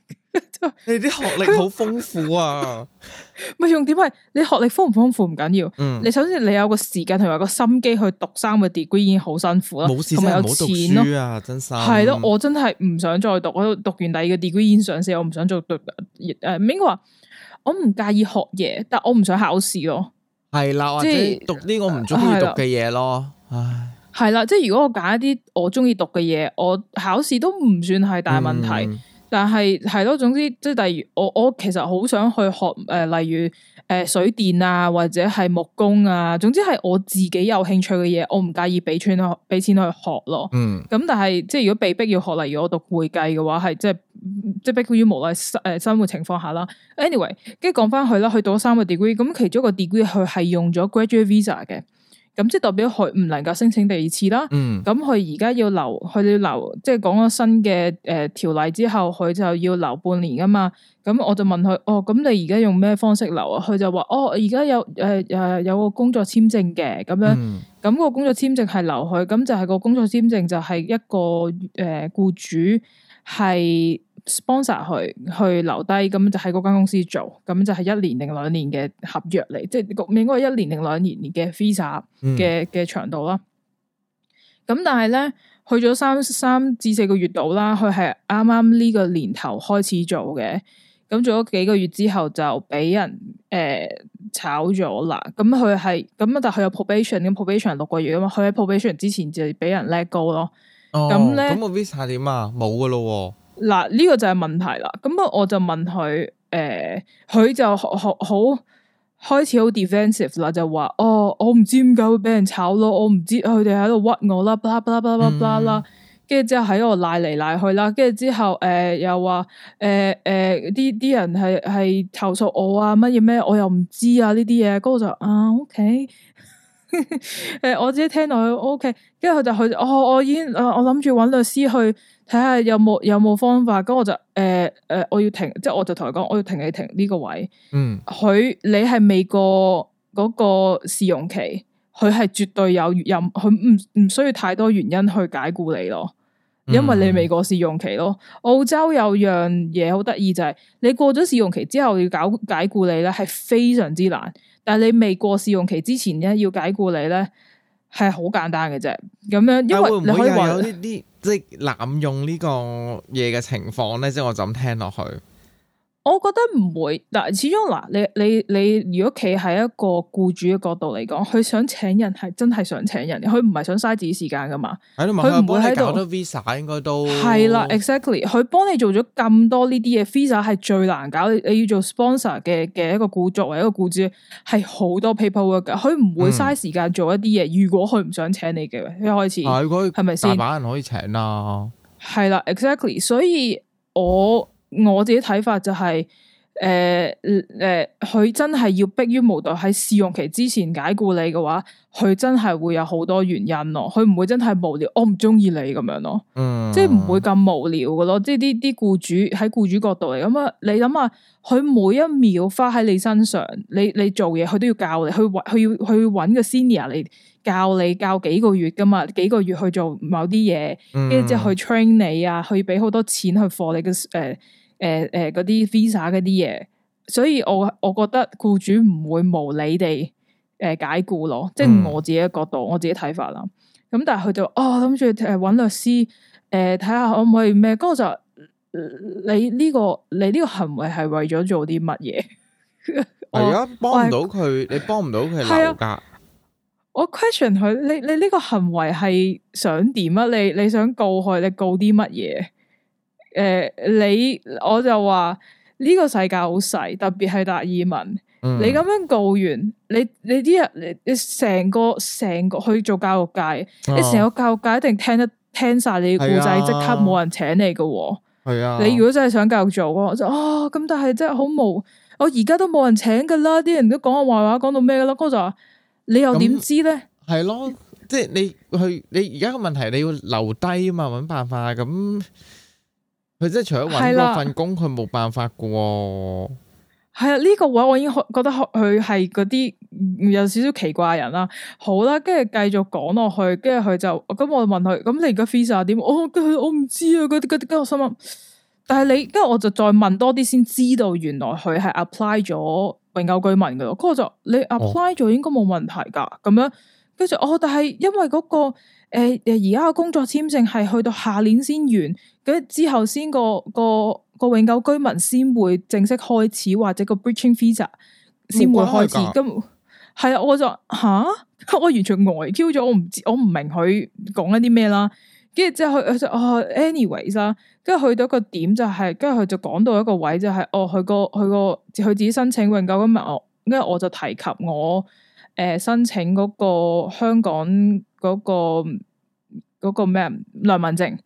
你啲學歷好豐富啊！ 咪用點係你學歷豐唔豐富唔緊要，嗯、你首先你有個時間同埋個心機去讀三個 degree 已經好辛苦啦，同埋有錢咯，係咯，我真係唔想再讀，我讀完第二個 degree 已經上市，我唔想做讀誒，唔應該話我唔介意學嘢，但我唔想考試咯，係啦，即係讀啲我唔中意讀嘅嘢咯，唉，係啦，即係如果我揀一啲我中意讀嘅嘢，我考試都唔算係大問題。嗯但係係咯，總之即係、呃、例如，我我其實好想去學誒，例如誒水電啊，或者係木工啊，總之係我自己有興趣嘅嘢，我唔介意俾錢去俾錢去學咯。嗯。咁但係即係如果被逼要學，例如我讀會計嘅話，係即係即係迫於無奈誒、呃、生活情況下啦。Anyway，跟住講翻去啦，去到三個 degree，咁其中一個 degree 佢係用咗 graduate visa 嘅。咁即係代表佢唔能夠申請第二次啦。咁佢而家要留，佢要留，即係講咗新嘅誒、呃、條例之後，佢就要留半年噶嘛。咁我就問佢：，哦，咁你而家用咩方式留啊？佢就話：，哦，而家有誒誒、呃呃、有個工作簽證嘅，咁樣。咁、嗯、個工作簽證係留佢，咁就係個工作簽證就係一個誒、呃、雇主係。sponsor 去去留低，咁就喺嗰間公司做，咁就係一年定兩年嘅合約嚟，即係應該係一年定兩年嘅 visa 嘅嘅長度啦。咁但係咧去咗三三至四個月度啦，佢係啱啱呢個年頭開始做嘅，咁做咗幾個月之後就俾人誒、呃、炒咗啦。咁佢係咁啊，但佢有 probation，咁 probation 六個月啊嘛，佢喺 probation 之前就俾人 let go 咯。哦，咁咧咁個 visa 點啊？冇噶咯。嗱呢個就係問題啦，咁啊我就問佢，誒、呃、佢就學學好開始好 defensive 啦，就話哦我唔知點解會俾人炒咯，我唔知佢哋喺度屈我啦，blah 啦、blah 啦、blah blah 啦，跟住之後喺度賴嚟賴去啦，跟住之後誒又話誒誒啲啲人係係投訴我啊乜嘢咩，我又唔知啊呢啲嘢，嗰個就啊 OK，誒、 呃、我自己聽到佢 OK，跟住佢就去我、哦、我已經、呃、我我諗住揾律師去。睇下有冇有冇方法，咁我就誒誒、呃呃，我要停，即係我就同佢講，我要停你停呢、這個位。嗯，佢，你係未過嗰個試用期，佢係絕對有任佢唔唔需要太多原因去解雇你咯，因為你未過試用期咯。嗯、澳洲有樣嘢好得意就係、是，你過咗試用期之後要搞解雇你咧，係非常之難。但係你未過試用期之前咧，要解雇你咧。係好簡單嘅啫，咁樣，因為你可以、啊、會唔會有、就是、濫呢啲即係濫用呢個嘢嘅情況咧，即係我就咁聽落去。我覺得唔會，嗱，始終嗱，你你你，如果企喺一個僱主嘅角度嚟講，佢想請人係真係想請人，佢唔係想嘥自己時間噶嘛。係咯吧，佢唔會喺度。好多 visa 應該都係啦，exactly，佢幫你做咗咁多呢啲嘢，visa 係最難搞，你要做 sponsor 嘅嘅一個僱主，作為一個僱主係好多 paperwork，佢唔會嘥時間做一啲嘢、嗯啊。如果佢唔想請你嘅，一開始係咪先大把人可以請啦、啊，係啦，exactly，所以我。我自己睇法就係、是，誒、呃、誒，佢、呃、真係要逼於無奈喺試用期之前解雇你嘅話，佢真係會有好多原因咯。佢唔會真係無聊，我唔中意你咁樣咯、嗯，即係唔會咁無聊嘅咯。即係啲啲雇主喺雇主角度嚟，咁啊，你諗下，佢每一秒花喺你身上，你你做嘢，佢都要教你，去佢要去搵個 senior 嚟教你教幾個月噶嘛？幾個月去做某啲嘢，跟住、嗯、即係去 train 你啊，去俾好多錢去課你嘅誒。呃誒誒，嗰啲 visa 嗰啲嘢，所以我我覺得僱主唔會無理地誒解僱咯，即係我自己嘅角度，嗯、我自己睇法啦。咁但係佢就哦諗住誒揾律師誒睇下可唔可以咩，咁、呃、我，我就你呢、呢個你呢個行為係為咗做啲乜嘢？而 家我幫唔到佢，是你幫唔到佢 留格？啊、我 question 佢，你你呢個行為係想點啊？你你想告佢，你告啲乜嘢？誒、呃，你我就話呢、這個世界好細，特別係達爾文。嗯、你咁樣告完，你你啲人，你成個成個去做教育界，哦、你成個教育界一定聽得聽晒你故仔，即、啊、刻冇人請你噶。係啊，你如果真係想教育做，我就哦，咁，但係真係好無，我而家都冇人請噶啦，啲人都講我壞話，講到咩噶啦，我就話你又點知咧？係咯、嗯，即係你去你而家個問題，你要留低啊嘛，搵辦法咁。佢即係除咗搵嗰份工，佢冇的辦法噶喎，哦。係啊，呢、這個位我已經覺得佢係嗰啲有少少奇怪嘅人啦。好啦，跟住繼續講落去，跟住佢就咁，哦，我問佢：，咁你而家 visa 點？我跟佢，我唔知啊。啲跟住我心諗，但係你，跟住我就再問多啲先知道，原來佢係 apply 咗永久居民噶咯。咁我就你 apply 咗，應該冇問題噶。咁、哦、樣。跟住我，但係因為嗰個誒誒而家嘅工作簽證係去到下年先完，咁之後先個個個永久居民先會正式開始，或者個 bridging visa 先會開始。咁係啊，我就吓，我完全呆 Q 咗，我唔知，我唔明佢講緊啲咩啦。跟住之後佢就哦，anyways 啦，跟住去到一個點就係，跟住佢就講到一個位就係，哦，佢個佢個佢自己申請永久今日我，跟住我就提及我。誒、呃，申請嗰個香港嗰、那個、那個咩、哦、啊？良民證，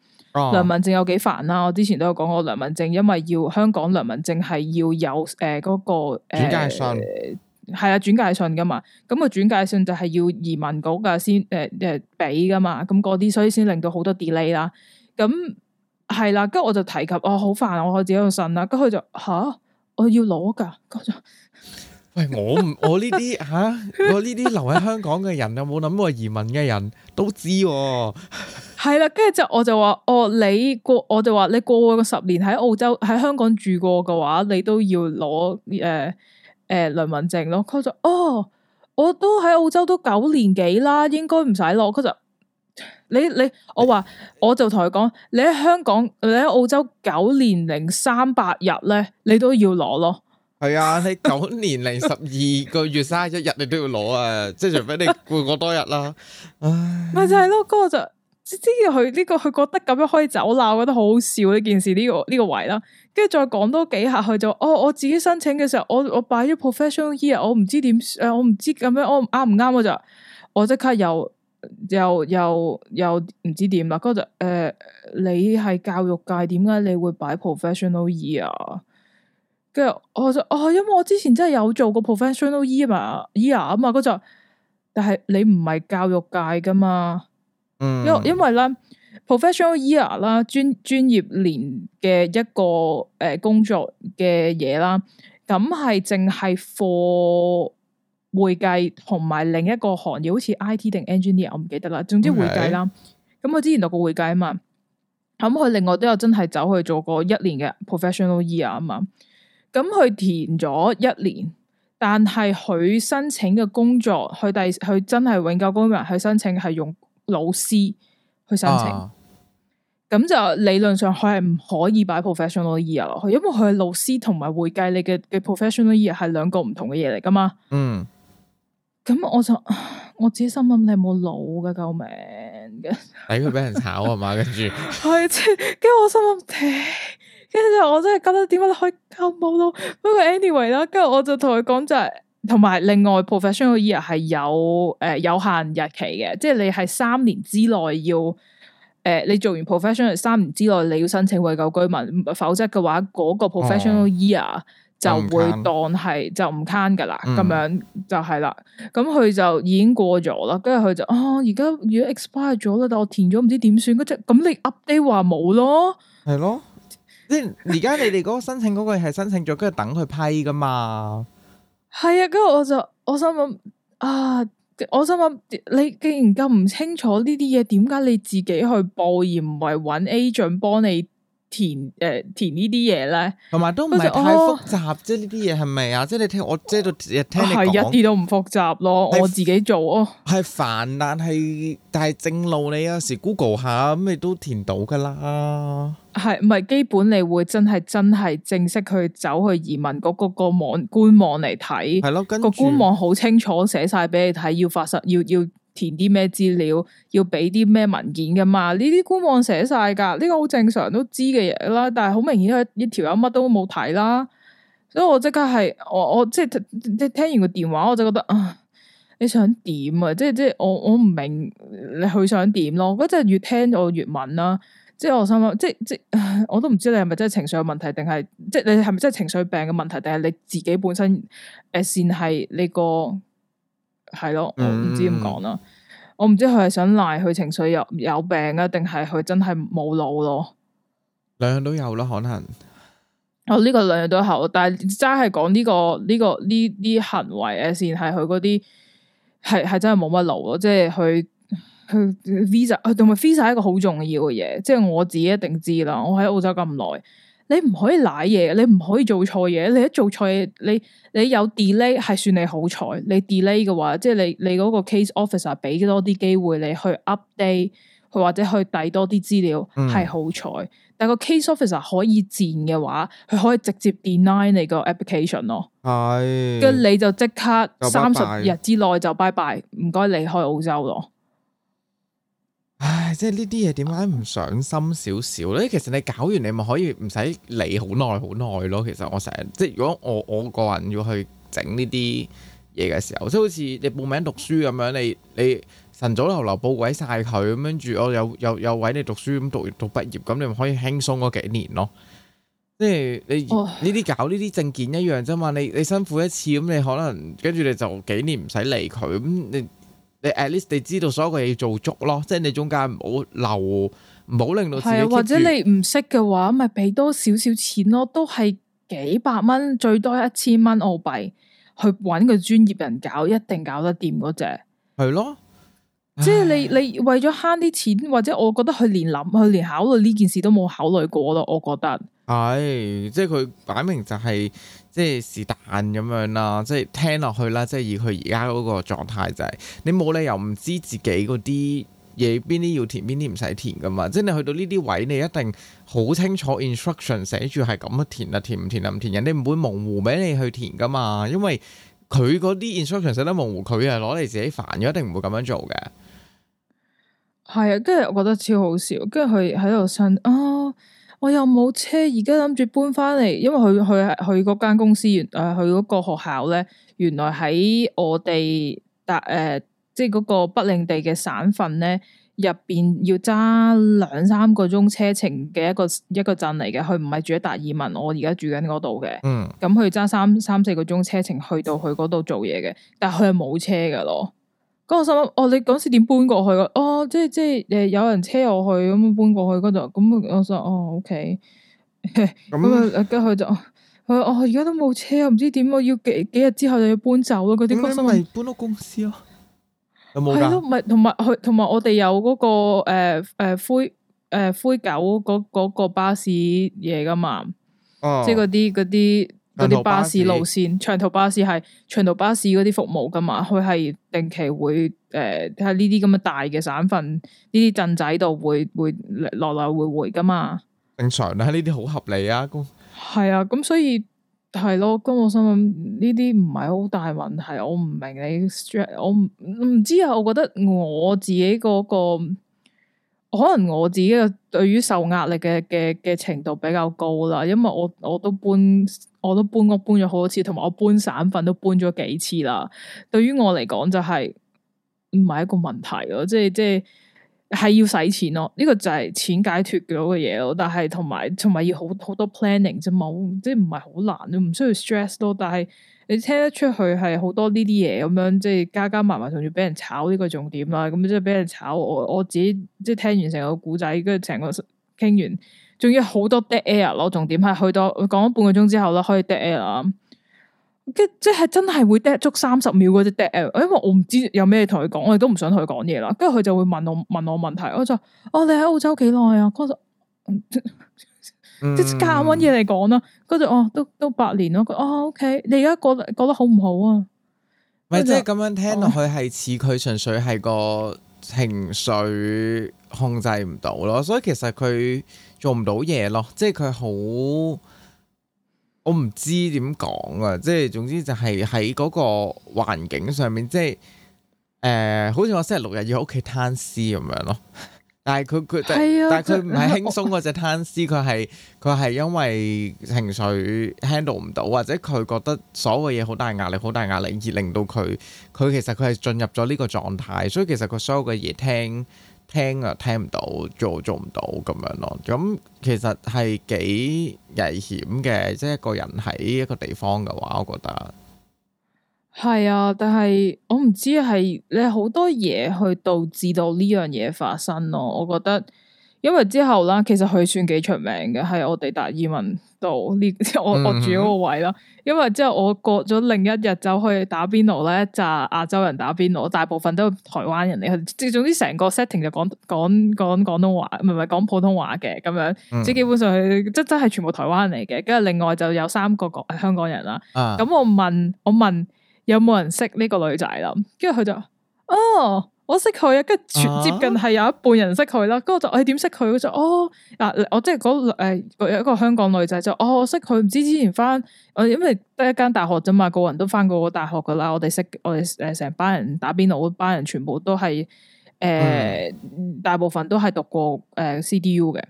良民證有幾煩啦！我之前都有講過梁，良民證因為要香港良民證係要有誒嗰、呃那個誒，係、呃、啊，轉介信噶嘛，咁、那個轉介信就係要移民局噶先誒誒俾噶嘛，咁嗰啲所以先令到好多 delay 啦。咁係啦，跟住我就提及，我、哦、好煩、啊，我開自己個信啦、啊，跟佢就吓、啊，我要攞噶，喂，我唔我呢啲嚇，我呢啲留喺香港嘅人 有冇諗過移民嘅人都知喎、哦。 係啦，跟住就我就話，哦，你過我就話你過往個十年喺澳洲喺香港住過嘅話，你都要攞誒誒良民證咯。佢就哦，我都喺澳洲都九年幾啦，應該唔使攞。佢就你你，我話 我就同佢講，你喺香港，你喺澳洲九年零三百日咧，你都要攞咯。係 啊，你九年零十二個月啦，一日、 啊、你都要攞啊，即係除非你過過多日啦、啊。唉 咪就係咯，嗰就即之佢呢個佢覺得咁樣可以走，我覺得好好笑呢件事呢個呢、這個位啦。跟住再講多幾下，佢就哦，我自己申請嘅時候，我我擺咗 professional year 我唔知點誒，我唔知咁樣、呃、樣，我啱唔啱我就，我即刻又又又又唔知點啦。嗰就誒，你係教育界，點解你會擺 professional year 啊？跟住我就哦，因為我之前真係有做過 professional year 啊嘛，year 啊嘛，佢就，但係你唔係教育界噶嘛，因、嗯、因為咧 professional year 啦，專專業年嘅一個誒工作嘅嘢啦，咁係淨係課會計同埋另一個行業，好似 I T 定 engineer，我唔記得啦，總之會計啦，咁佢是之前讀過會計啊嘛，咁佢另外都有真係走去做過一年嘅 professional year 啊嘛。咁佢填咗一年，但係佢申請嘅工作，佢第佢真係永久居民，佢申請係用老師去申請，咁、啊、就理論上佢係唔可以擺 professional year 落去，因為佢係老師同埋會計你嘅嘅 professional year 係兩個唔同嘅嘢嚟噶嘛。嗯，咁我就我自己心諗，你冇腦噶？救命嘅， 哎佢俾人炒啊嘛，跟住，係，跟住我心諗停。跟住我真係覺得點解可以咁冇咯？不過 anyway 啦，跟住我就同佢講就係、是，同埋另外 professional year 係有誒、呃、有限日期嘅，即係你係三年之內要誒、呃，你做完 professional 三年之內你要申請永久居民，否則嘅話嗰、那個 professional、哦、year 就會當係、嗯、就唔 can 噶啦，咁、嗯、樣就係啦。咁、嗯、佢就已經過咗啦，跟住佢就哦，而家如果 expire 咗啦，但我填咗唔知點算，嗰隻咁你 update 話冇咯，係咯。即而家你哋個申請個係申請咗，跟住等佢批噶嘛？係啊， 跟住我就我心想問啊，我心想問你，既然咁唔清楚呢啲嘢，點解你自己去報而唔係揾 agent 幫你？填誒、呃、填呢啲嘢咧，同埋都唔係太複雜啫，呢啲嘢係咪啊？即係你聽我即係度日聽你講，係、呃、一啲都唔複雜咯，是我自己做哦。係煩，但係但係正路你有時 Google 下咁，你都填到噶啦。係唔係基本你會真係真係正式去走去移民局嗰個網官網嚟睇？係咯，個官網好清楚寫晒俾你睇，要發誓要要。要填啲咩資料，要俾啲咩文件噶嘛？呢啲官網寫晒噶，呢個好正常人都知嘅嘢啦。但係好明顯，佢一條友乜都冇睇啦。所以我，刻我，我即刻係我我即即聽完個電話，我就覺得啊、呃，你想點啊？即即我我唔明你去想點咯。我真係、啊、越聽我越悶啦。即我心諗，即即我都唔知你係咪真係情緒問題，定係即你係咪真係情緒病嘅問題，定係你自己本身誒、呃、線係呢個。係咯，我唔知點講啦，嗯、我唔知佢係想賴佢情緒有有病啊，定係佢真係冇腦咯？兩樣都有咯，可能。哦，呢、這個兩樣都有，但係真係講呢個呢、這個呢啲行為咧，先係佢嗰啲係係真係冇乜腦咯，即係佢佢 visa 同埋 visa 一個好重要嘅嘢，即係我自己一定知啦，我喺澳洲咁耐。你唔可以瀨嘢，你唔可以做錯嘢。你一做錯嘢，你你有 delay 係算你好彩。你 delay 嘅話，即係你你嗰個 case officer 俾多啲機會你去 update，去或者去遞多啲資料係好彩。但個 case officer 可以賤嘅話，佢可以直接 deny 你個 application 咯。係是，跟住你就即刻三十拜日之內就拜拜，唔該離開澳洲咯。唉，即係呢啲嘢，點解唔上心少少呢？其實你搞完你咪可以唔使理好耐好耐咯。其實我成日即係如果我我個人要去整呢啲嘢嘅時候，即係好似你報名讀書咁樣，你你晨早流流報鬼晒佢，咁跟住我有有有位你讀書，咁讀讀畢業，咁你咪可以輕鬆嗰幾年咯。即係你呢啲搞呢啲證件一樣啫嘛。你你辛苦一次，咁你可能跟住你就幾年唔使理佢咁你。你 at least 你知道所有嘅嘢要做足咯，即係你中間冇漏，唔好令到自己或者你唔識嘅話，咪俾多少少錢咯，都係幾百蚊，最多一千蚊澳幣去揾個專業人搞，一定搞得掂嗰隻。係咯的，即係你你為咗慳啲錢，或者我覺得佢連諗，佢連考慮呢件事都冇考慮過咯，我覺得係，即係佢擺明就係、是。即係是但咁樣啦，即係聽落去啦，即係以佢而家嗰個狀態就係、是，你冇理由唔知自己嗰啲嘢邊啲要填，邊啲唔使填噶嘛。即係你去到呢啲位，你一定好清楚 instruction 寫住係咁樣填啊，填唔填啊唔填，填。人哋唔會模糊俾你去填噶嘛，因為佢嗰啲 instruction 寫得模糊，佢係攞嚟自己煩，一定唔會咁樣做嘅。係啊，跟住我覺得超好笑，跟住佢喺度呻哦。我又冇車，而家諗住搬翻嚟，因為佢佢佢嗰間公司原誒，佢、呃、嗰個學校咧，原來喺我哋達誒，即係個北領地嘅省份咧，入邊要揸兩三個鐘車程嘅一個一個鎮嚟嘅。佢唔係住喺達爾文，我而家住緊嗰度嘅。嗯，咁佢揸三三四個鐘車程去到去嗰度做嘢嘅，但係佢係冇車噶咯。嗰我心諗，哦，你嗰時點搬過去噶？哦，即係即係誒，有人車我去咁搬過去嗰度，咁我想，哦，O K。咁、okay、啊，跟 佢、嗯、就，佢話我而家都冇車啊，唔知點，我要幾幾日之後就要搬走咯，嗰啲公司咪搬到公司咯、啊，有冇唔係同埋佢，同埋我哋有嗰、那個誒誒、呃、灰誒、呃、灰狗嗰嗰、呃那個巴士嘢噶嘛，哦、即係啲嗰啲。嗰啲巴士路線，長途巴士係長途巴士嗰啲服務噶嘛？佢係定期會誒喺呢啲咁嘅大嘅省份、呢啲鎮仔度會會來來回回噶嘛？正常啦、啊，呢啲好合理啊。係啊，咁所以係咯。咁、啊、我想呢啲唔係好大問題。我唔明你，我唔唔知啊。我覺得我自己嗰、那個，可能我自己嘅對於受壓力嘅嘅嘅程度比較高啦，因為我我都搬。我都搬屋搬咗好多次，同埋我搬省份都搬咗幾次啦。對於我嚟講就係唔係一個問題咯，即係即係係要使錢咯。呢、呢個就係錢解決咗嘅嘢咯。但係同埋同埋要好好多 planning 啫嘛，即係唔係好難，唔需要 stress 咯。但係你聽得出去係好多呢啲嘢咁樣，即係加加埋埋仲要俾人炒呢個重點啦。咁即係俾人炒我，我自己即係聽完成個古仔，跟住成個傾完。仲要好多 dead air 咯。重點係去到講咗半個鐘之後啦，可以 dead air 啦。即即係真係會 dead 足三十秒嗰啲 dead air。因為我唔知有咩同佢講，我哋都唔想同佢講嘢啦。跟住佢就會問我問我問題。我就哦，你喺澳洲幾耐啊？嗰陣、嗯嗯、即係夾硬搵嘢嚟講啦。跟住哦，都都八年咯。哦，OK，你而家覺得覺得好唔好啊？咪即係咁樣聽落去，係似佢純粹係個情緒控制唔到咯。哦、所以其實佢。做唔到嘢咯，即係佢好，我唔知點講啊！即係總之就係喺嗰個環境上面，即係誒、呃，好似我星期六日要喺屋企癱屍咁樣咯。但係佢佢，啊、但係佢唔係輕鬆嗰隻癱屍，佢係佢係因為情緒 handle 唔到，或者佢覺得所有嘢好大壓力，好大壓力而令到佢，佢其實佢係進入咗呢個狀態，所以其實佢所有嘅嘢聽。聽啊，聽唔到，做做唔到咁樣咯。咁其實係幾危險嘅，即係一個人喺一個地方嘅話，我覺得係啊。但係我唔知係你好多嘢去導致到呢樣嘢發生咯。我覺得。因為之後啦，其實佢算幾出名嘅，係我哋達爾文度呢，我 我住嗰個位啦。因為之後我過咗另一日就去打邊爐咧，就亞洲人打邊爐，大部分都台灣人嚟。即係總之成個 setting 就講講講廣東話，唔係唔係講普通話嘅咁樣。即係 基本上，佢即真係全部台灣嚟嘅。跟住另外就有三個港香港人啦。咁、啊、我問我問有冇人識呢個女仔啦？跟住佢就哦。我識佢啊，跟住全接近係有一半人識佢啦。跟住、啊、我就，誒、哎、點識佢？我就哦嗱，我即係嗰誒有一個香港女仔就哦，我識佢唔知之前翻我因為得一間大學啫嘛，個人都翻過大學噶啦。我哋識我哋誒成班人打邊爐，班人全部都係誒、呃嗯、大部分都係讀過誒 C D U 嘅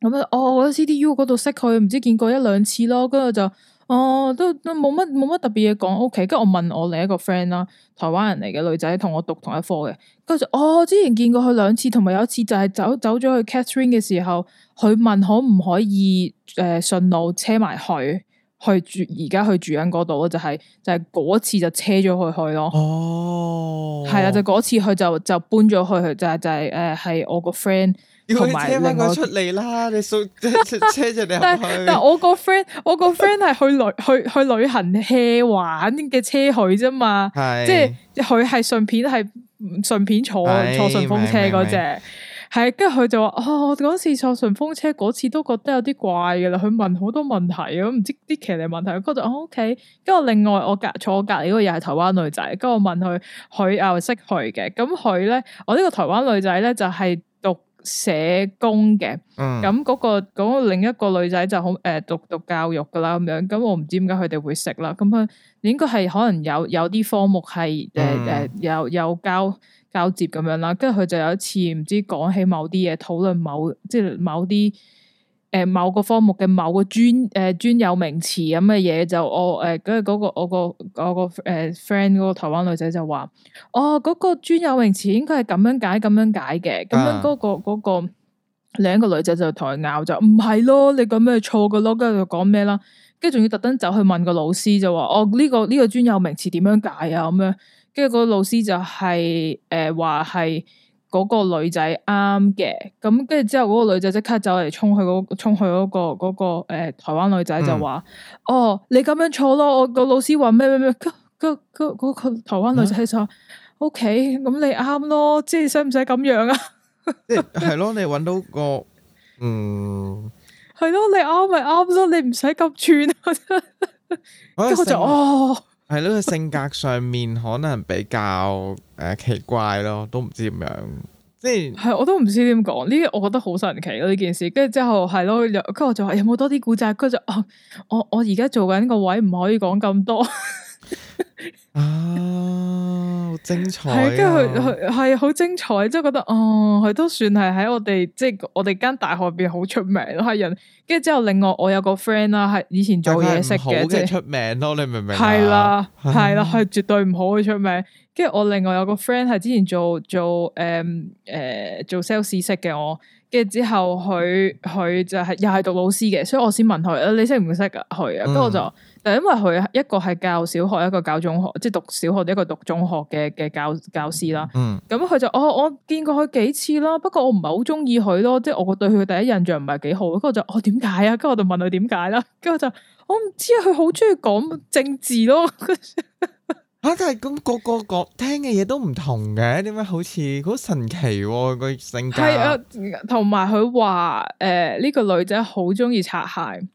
咁啊。我覺得 C D U 嗰度識佢，唔知見過一兩次咯。跟住就。哦，都都冇乜冇乜特別嘢講，OK。跟住我問我另一個 friend 啦，台灣人嚟嘅女仔，同我讀同一科嘅。跟住我之前見過佢兩次，同埋有一次就係走走咗去 Catherine 嘅時候，佢問可唔可以誒、呃、順路車埋佢去，去住而家去住喺嗰度咯，就係、是、就係、是、嗰次就車咗佢去咯。哦，係啊，就嗰、是、次佢就就搬咗去，就係、就係誒係我個 friend。要可以車翻佢出嚟啦，你送車就你入去。但係我個 friend，我個 friend 係去旅去去旅行 hea 玩嘅車去啫嘛，即係佢係順便係順便坐坐順風車嗰隻，係，跟住佢就話哦，嗰次坐順風車嗰次都覺得有啲怪噶啦，佢問好多問題咁，唔知啲騎呢問題，佢就哦 OK。跟住另外我隔坐我隔籬嗰個又係台灣女仔，跟住我問佢，佢又識佢嘅，咁佢咧，我呢個台灣女仔咧就係，社工嘅，咁嗰、嗯嗰個、嗰個另一個女仔就好誒、呃，讀讀，讀教育噶啦咁樣，咁我唔知點解佢哋會識啦，咁佢應該係可能有有啲科目係誒誒，有有交交，交接咁樣啦，跟住佢就有一次唔知講起某啲嘢，討論某即係某啲。誒，某個科目嘅某個專誒專有名詞咁嘅嘢，就我誒，跟住嗰個我個我個誒 friend 嗰個台灣女仔就話，哦，嗰個專有名詞應該係咁樣解，咁樣解嘅。咁樣嗰個嗰個兩個女仔就同佢拗，就唔係咯，你咁樣係錯嘅囉，跟住講咩啦，跟住仲要特登走去問個老師就話，哦，呢個呢個專有名詞點樣解啊？咁樣，跟住個老師就係誒話係。呃嗰個女仔啱嘅，咁跟住之後嗰個女仔即刻走嚟衝去嗰、那、衝、個、去、那個、那個誒、欸、台灣女仔就話：嗯、哦，你咁樣坐咯，個老師話咩咩咩，嗰嗰個，個,個,個,個台灣女仔喺度話：OK，咁你啱咯，即係使唔使咁樣啊？ 即係咯，你搵到個，嗯，係咯，你啱咪啱咯，你唔使咁串，跟 住、嗯嗯、我就哦。嗯嗯係咯，個性格上面可能比較誒、呃、奇怪咯，都唔知點樣，即係，係我都唔知點講呢啲，我覺得好神奇咯、啊、呢件事。跟住之後係咯，跟住我就話有冇多啲古仔？跟住哦，我我而家做緊呢個位唔可以講咁多。 啊，精彩，啊精彩！跟住佢，佢係好精彩，即係覺得哦，佢都算係喺我哋，即、就、係、是、我哋間大學入邊好出名嘅人。跟住之後，另外我有個 friend 啦，係以前做嘢識嘅，即係、就是、出名咯。你明唔明？係啦，係啦，係絕對唔好去出名。跟住 我另外有個 friend 係之前做做誒誒、呃呃、做 sales 識嘅我。跟住之後佢佢就係又係讀老師嘅，所以我先問佢：你識唔識噶佢？跟住我就。嗯就因為佢一個係教小學，一個教中學，即係讀小學一個讀中學嘅嘅教教師啦。嗯，咁佢就我、哦、我見過佢幾次啦，不過我唔係好中意佢咯，即係我對佢第一印象唔係幾好。跟住就我點解啊？跟、哦、住我就問佢點解啦。跟住就我唔知啊，佢好中意講政治咯。吓、 啊，但係咁個個個聽嘅嘢都唔同嘅，點解好似好神奇喎、啊？個性格係啊，同埋佢話誒呢個女仔好中意擦鞋。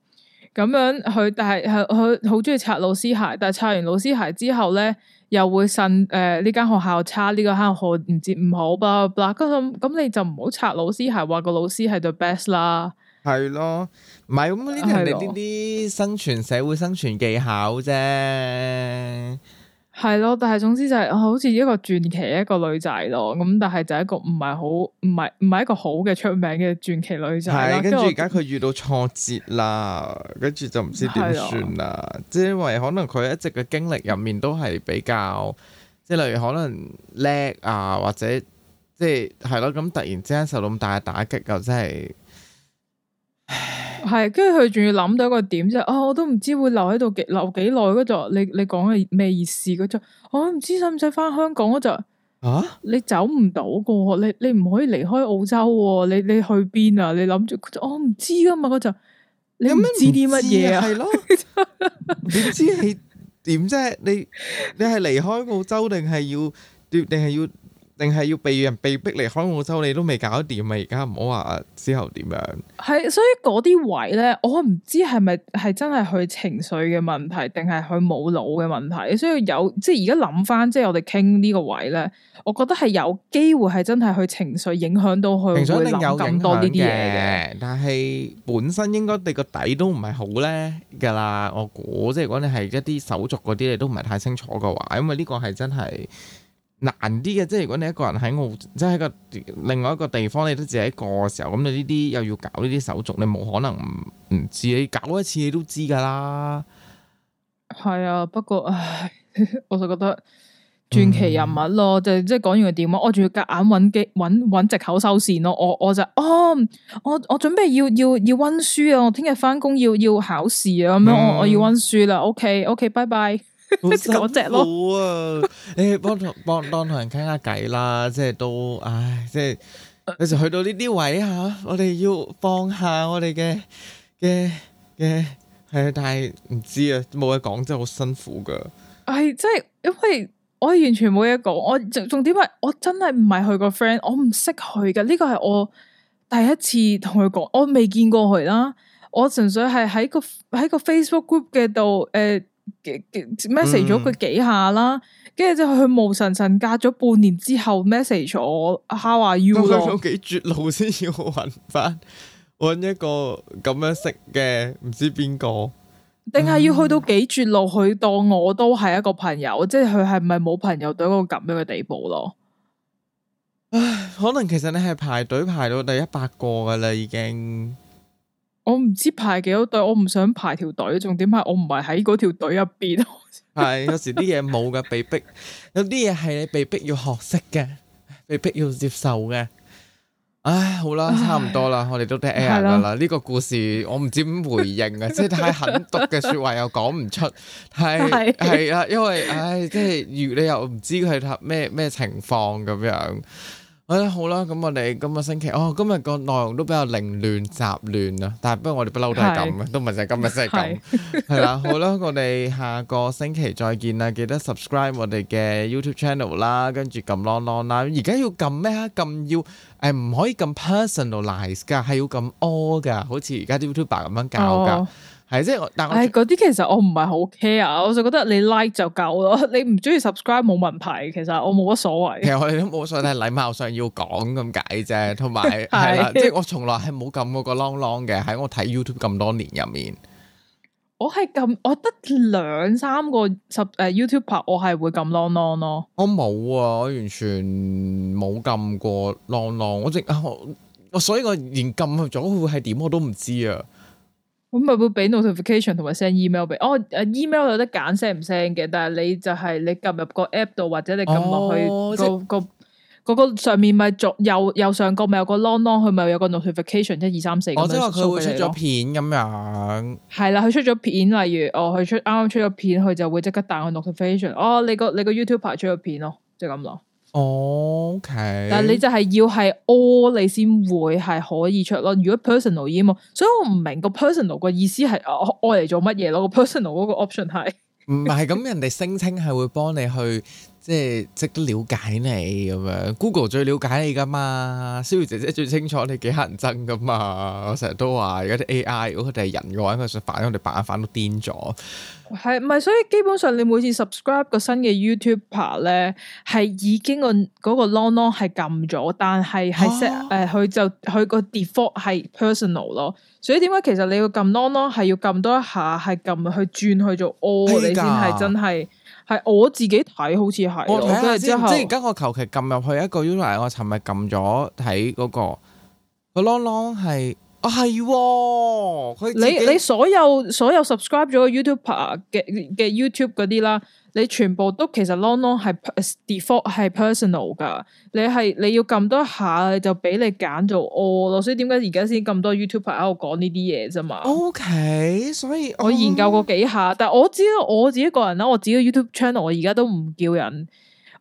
咁樣佢但係佢佢好中意擦老師鞋，但係擦完老師鞋之後咧，又會信誒呢間學校差呢、這個坑好唔知唔好吧？嗱，咁咁你就唔好擦老師鞋，話個老師係最 best 啦。係咯，唔係咁呢啲係你啲啲生存社會生存技巧啫。係咯，但係總之就係好似一個傳奇一個女仔咯，咁但係就係一個唔係好唔係唔係一個好嘅出名嘅傳奇女仔啦。跟住而家佢遇到挫折啦，跟住就唔知點算啦。即係的因為可能佢一直嘅經歷入面都係比較，即係例如可能叻啊，或者即係係咯，咁突然之間受到咁大嘅打擊，或真係。係，跟住佢仲要諗到一個點，就、哦、啊，我都唔知會留喺度，留幾耐嗰就。你你講係咩意思？嗰就我唔知使唔使翻香港嗰就啊，你走唔到噶，你你唔可以離開澳洲，你你去邊啊？你諗住、哦，我唔知㗎嘛，嗰就你唔知啲乜嘢係咯，你知係點啫？你你係離開澳洲定係要定係要？定係要被人被逼離開澳洲，你都未搞掂啊！而家唔好話之後點樣。係，所以嗰啲位咧，我唔知係咪係真係佢情緒嘅問題，定係佢冇腦嘅問題。所以有，即係而家諗翻，即係我哋傾呢個位咧，我覺得係有機會係真係佢情緒影響到佢會諗咁多呢啲嘢嘅。但係本身應該你個底都唔係好咧噶啦。我估即係如果你係一啲手續嗰啲，你都唔係太清楚嘅話，因為呢個係真係。難啲嘅，即係如果你一個人喺澳，即係喺個另外一個地方，你都自己一個嘅時候，咁你呢啲又要搞呢啲手續，你冇可能唔唔知，你搞一次你都知噶啦。係啊，不過唉， 我就覺得傳奇人物咯，嗯、即就即係講完個電話，我仲要夾硬揾機揾揾藉口收線咯。我我就哦，我我準備要要要溫書啊，我聽日翻工要要考試啊咁樣，我我要溫書啦。OK OK，拜拜。好 辛苦啊！誒、 欸，幫同幫幫同人傾下偈啦，即係都唉，即係你就去到呢啲位吓、啊，我哋要放下我哋嘅嘅嘅係，但係唔知啊，冇嘢講真係好辛苦噶。唉，真係，因為我完全冇嘢講。我重點係我真係唔係佢個 friend，我唔識佢噶。呢個係我第一次同佢講，我未見過佢啦。我純粹係喺個喺個 Facebook group 嘅度誒。呃 message 咗佢幾下啦，跟住之後佢無神神隔咗半年之後 message 咗我，嗯，how are you？幾絕路先要搵翻，搵一個咁樣識嘅唔知邊個？定係要去到幾絕路去當我都係一個朋友？即係佢係咪冇朋友到一個咁樣嘅地步咯？唉，可能其實你係排隊排到第一百個㗎喇已經。我唔知排幾多隊，我唔想排條隊，重點係我唔係喺嗰條隊入邊。係有時啲嘢冇嘅，被逼，有啲嘢係你被逼要學識嘅，被逼要接受嘅。唉，好啦，差唔多啦，唉我哋都得。air 噶啦。呢個故事我唔知點回應啊， 即係太狠毒嘅說話又講唔出，係係啊，因為唉，即係如你又唔知佢咩咩情況咁樣嗯、好啦，咁我哋今個星期，哦，今日個內容都比較凌亂雜亂啊，但係不過我哋是不嬲都係咁啊，都唔係淨係今日真係咁，係 啦，好啦，我哋下個星期再見啦，記得 subscribe 我哋嘅 YouTube channel 啦，跟住撳 long long 啦，而家要撳咩啊？撳要誒唔、嗯、可以撳 personalize 噶，係要撳 all 㗎，好似而家啲 YouTuber 咁樣教㗎。哦係即係，但係嗰啲其實我唔係好 care，我就覺得你 like 就夠咯。你唔中意 subscribe 冇問題，其實我冇乜所謂。其實我哋都冇所謂，禮貌上要講咁解啫。同埋係啦，即係我從來係冇撳嗰個 long long 嘅，喺我睇 YouTube 咁多年入面。我係撳，我得兩三個十誒 YouTuber，我係會撳 long long 咯。我冇啊，我完全冇撳過 long long，我直我所以我連撳咗會係點我都唔知啊。我咪會俾 notification 同埋 send email 俾，哦，email 有得揀 send 唔 send 嘅，但係你就係、是、你撳入個 app 度或者你撳落去、哦、個個個，個上面咪左右右上角咪有個 long long，佢咪有個 notification 一二三四、哦，即係話佢會出咗片咁樣。係啦，佢出咗片，例如哦，佢出啱啱出咗片，佢就會即刻彈個 notification，哦，你個你個 YouTuber 出咗片咯，就咁、是、咯。哦，oh, okay. 但係你就係要係 a 你先會係可以出咯，如果 personal 嘅嘛，所以我唔明個 personal 個意思係愛嚟做乜嘢咯？Personal 個 personal 嗰個 option 係唔係咁，人哋聲稱係會幫你去。即係識得瞭解你咁樣，Google 最了解你噶嘛，Siri 姐姐最清楚你幾乞人憎噶嘛。我成日都話而家啲 AI，如果佢哋係人嘅話，佢想反，我哋扮一反都癲咗。係咪？所以基本上你每次 subscribe 個新嘅 YouTuber 咧，係已經個嗰個 long long 係撳咗，但係係 set 誒佢就佢個 default 係 personal 咯。所以點解其實你要撳 long long 係要撳多一下，係撳去轉去做 all？你先係真係。.係我自己睇，好似係。我睇咗之後，即係而家我求其撳入去一個 YouTube，我尋日撳咗睇嗰個，個 long long 係，啊、哦、係，佢、哦、你你所有所有 subscribe 咗個 YouTube you 嘅嘅 YouTube 嗰啲啦。你全部都其實 long long 係 default 係 personal 噶，你係你要撳多下就俾你揀做 all。所以點解而家先咁多 YouTuber 喺度講呢啲嘢啫嘛？O、okay, K，所以我研究過幾下，嗯、但係我知道我自己一個人啦。我自己 YouTube channel 我而家都唔叫人，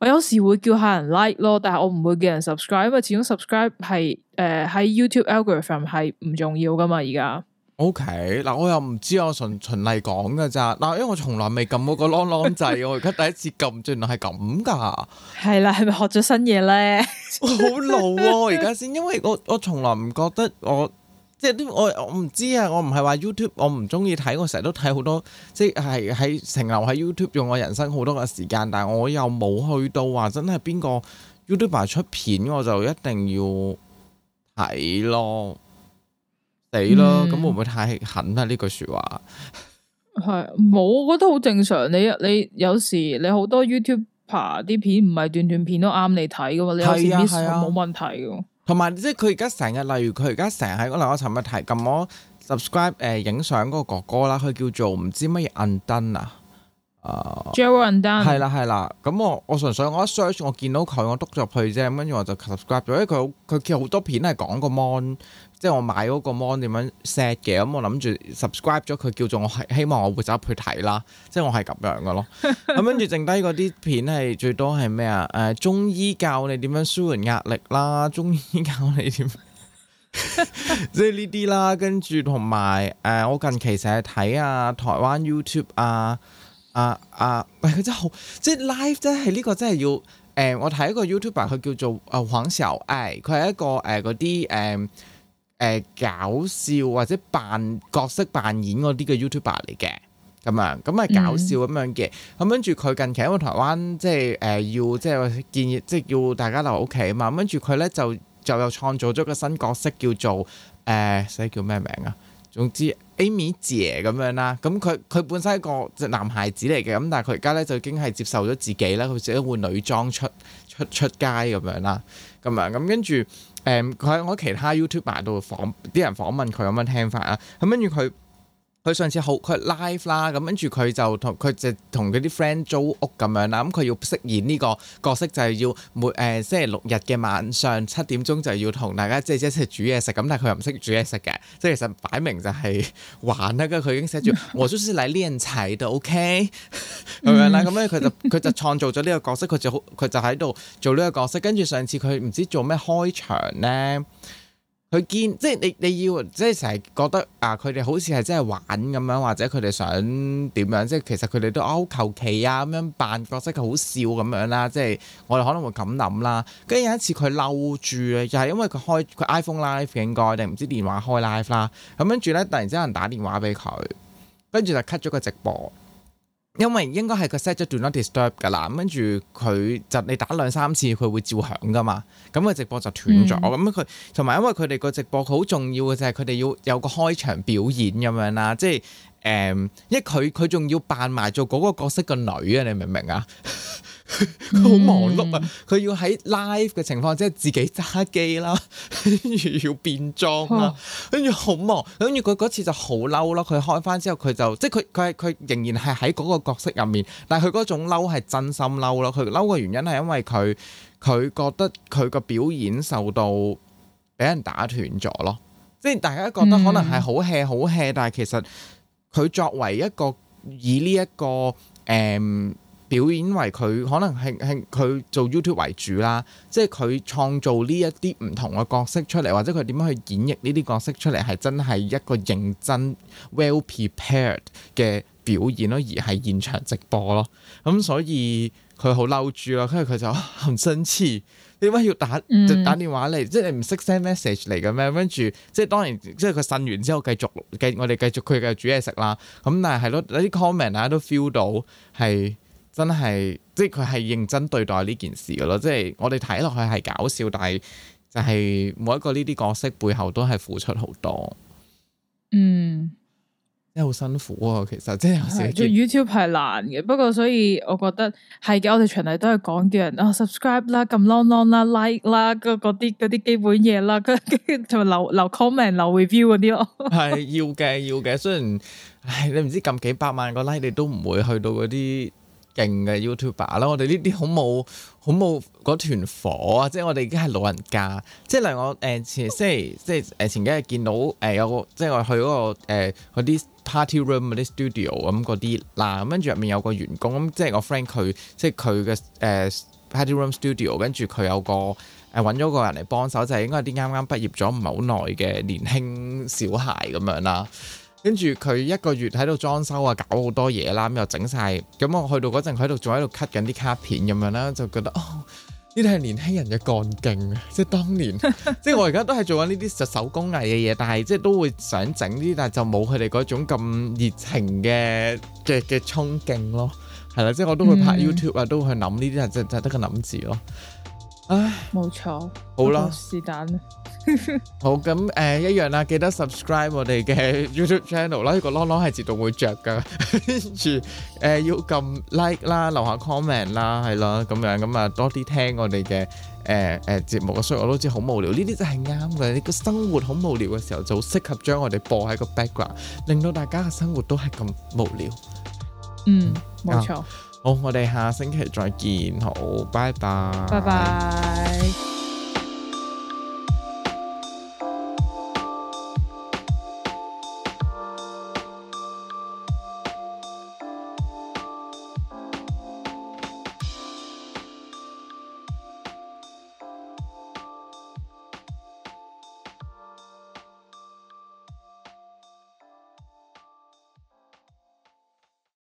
我有時會叫下人 like 咯，但係我唔會叫人 subscribe，因為始終 subscribe 係誒喺、呃、YouTube algorithm 係唔重要噶嘛而家。O K，嗱我又唔知，我循循例講嘅咋，嗱，因為我從來未撳嗰個啷啷掣， 我而家第一次撳，原來係咁噶，係啦，係咪學咗新嘢咧？我好 老啊，我而家先，因為我我從來唔覺得我即係都我我唔知啊，我唔係話 YouTube，我唔中意睇，我成日都睇好多，即係喺停留喺 YouTube 用我人生好多嘅時間，但我又冇去到話真係邊個 YouTuber 出片，我就一定要睇咯。你咯，咁、嗯、會唔會太狠啊？呢句說話係冇，我覺得好正常。你你有時你好多 YouTube 啲片唔係段段片都啱你睇噶嘛？你有時 miss 冇問題嘅。同埋即係佢而家成日，例如佢而家成日，喺嗱我尋日提咁我 subscribe 誒、呃、影相嗰個哥哥啦，佢叫做唔知乜嘢 Undone 啊，啊 Joel Undone，係啦，係啦。咁我我純粹我一 search 我見到佢，我督咗佢啫，跟住我就 subscribe 咗。因為佢佢其實好多片係講個 mon。即係我買嗰個 mon 點樣 set 嘅，咁我諗住 subscribe 咗佢叫做我係希望我會走入去睇啦，即係我係咁樣噶咯。咁跟住剩低嗰啲片係最多係咩啊？誒、呃，中醫教你點樣舒緩壓力啦，中醫教你點， 即係呢啲啦。跟住同埋誒，我近期成日睇啊，台灣 YouTube 啊啊啊，喂、啊，佢、啊哎、真係好，即係 live 真係呢、這個真係要誒、呃，我睇一個 YouTuber 佢叫做誒、呃、黃小愛佢係一個誒嗰啲誒。呃誒搞笑或者扮角色扮演嗰啲嘅 YouTuber 嚟嘅，咁樣咁係搞笑咁樣嘅，咁跟住佢近期因為台灣即係誒、呃、要即係建議即係要大家留屋企啊嘛，跟住佢咧就就又創造咗個新角色叫做誒，使、呃、叫咩名啊？總之 Amy 姐咁樣啦，咁佢佢本身係一個男孩子嚟嘅，咁但係佢而家咧就已經係接受咗自己啦，佢自己換女裝出出出，出街咁樣啦，咁啊咁跟住。誒，佢喺我其他 YouTuber 度訪啲人訪問佢咁樣聽法啊，咁跟住佢。佢上次好佢 live 啦，咁跟住佢就同佢就同佢啲 friend 租屋咁樣啦，咁佢要飾演呢個角色就係、是、要每誒、呃、星期六日嘅晚上，上七點鐘就要同大家即係一齊煮嘢食，咁但係佢又唔識煮嘢食嘅，即係其實擺明就係玩啦。佢已經寫住我出師奶呢，人齊到，OK 咁樣啦。咁樣佢就佢就創造咗呢個角色，佢就好佢就喺度做呢個角色。跟住上次佢唔知做咩開場咧。佢見即係你你要即係成日覺得啊，佢哋好似係真係玩咁樣，或者佢哋想點樣？即係其實佢哋都好求其啊咁樣扮角色，佢好笑咁樣啦。即係我哋可能會咁諗啦。跟住有一次佢嬲住咧，就係因為佢開佢 iPhone Live 應該定唔知電話開 Live 啦。咁樣住咧，突然之間有人打電話俾佢，跟住就 cut 咗個直播。因為應該係佢 set 咗 do not disturb 噶啦，跟住佢就你打兩三次佢會照響噶嘛，咁個直播就斷咗。咁佢同埋因為佢哋個直播好重要嘅就係佢哋要有個開場表演咁樣啦，即係誒、呃，因為佢佢仲要扮埋做嗰個角色嘅女啊，你明唔明啊？ 佢好 忙碌啊！佢、嗯、要喺 live 嘅情況即係自己揸機啦，跟 住要變裝啦，跟住好忙。跟住佢嗰次就好嬲咯。佢開翻之後，佢就即係佢佢佢仍然係喺嗰個角色入面，但係佢嗰種嬲係真心嬲咯。佢嬲嘅原因係因為佢佢覺得佢個表演受到俾人打斷咗咯。即係大家覺得可能係好 hea 好 hea，嗯、但係其實佢作為一個以呢、這、一個誒。嗯表演為佢可能係係佢做 YouTube 為主啦，即係佢創造呢一啲唔同嘅角色出嚟，或者佢點樣去演繹呢啲角色出嚟，係真係一個認真、well prepared 嘅表演咯，而係現場直播咯。咁、嗯、所以佢好嬲住咯，跟住佢就含生氣，點解要打打，打電話嚟？即係你唔識 send message 嚟嘅咩？跟住即係當然，即係佢呻完之後繼續，繼我哋繼續佢繼，繼續煮嘢食啦。咁、嗯、但係係咯，啲 comment 大家都 feel 到係。真係，即係佢係認真對待呢件事嘅咯。即係我哋睇落去係搞笑，但係就係每一個呢啲角色背後都係付出好多。嗯，真係好辛苦啊！其實即係有時 YouTube 係難嘅，不過所以我覺得係嘅。我哋全嚟都係講叫人啊 subscribe 啦，撳 long long 啦，like 啦、嗰嗰啲嗰啲基本嘢啦，跟住同埋留留 comment，留 review 嗰啲咯。係要嘅，要嘅。雖然唉，你唔知撳幾百萬個 like，你都唔會去到嗰啲。勁嘅 YouTuber 啦，YouTuber，我哋呢啲好冇好冇嗰團火啊！即係我哋已經係老人家。即係例如我誒、呃、前即係即係誒前幾日見到誒、呃、有個即係我去嗰、嗰個嗰啲、呃、party room 嗰啲 studio 咁、嗯、嗰啲嗱，跟住入面有個員工咁，即係我 friend 佢即係佢嘅誒 party room studio，跟住佢有個誒揾咗個人嚟幫手，就係、係、應該啲啱啱畢業咗唔係好耐嘅年輕小孩咁樣啦。嗯跟住佢一個月喺度裝修啊，搞好多嘢啦，咁又整晒。咁我去到嗰陣喺度，仲喺度 cut 緊啲卡片咁樣啦，就覺得哦，呢啲係年輕人嘅幹勁啊！ 即係當年，即係我而家都係做緊呢啲就手工藝嘅嘢，但係即係都會想整呢啲，但係就冇佢哋嗰種咁熱情嘅嘅嘅衝勁咯。係啦，即係我都會拍 YouTube 啊、嗯，都會去諗呢啲，就就係得個諗字咯。唉，冇錯，好啦，是但啦，好咁，誒，一樣啦，記得 subscribe 我哋嘅 YouTube channel 啦，呢個 long long 係自動會着噶，跟住誒要撳 like 啦，留下 comment 啦，係咯，咁樣咁啊多啲聽我哋嘅誒誒節目，所以我都知好無聊，呢啲真係啱嘅，你個生活好無聊嘅時候就好適合將我哋播喺個 background，令到大家嘅生活都係咁無聊。嗯，冇錯。好，我哋下星期再見。好，拜拜。拜拜。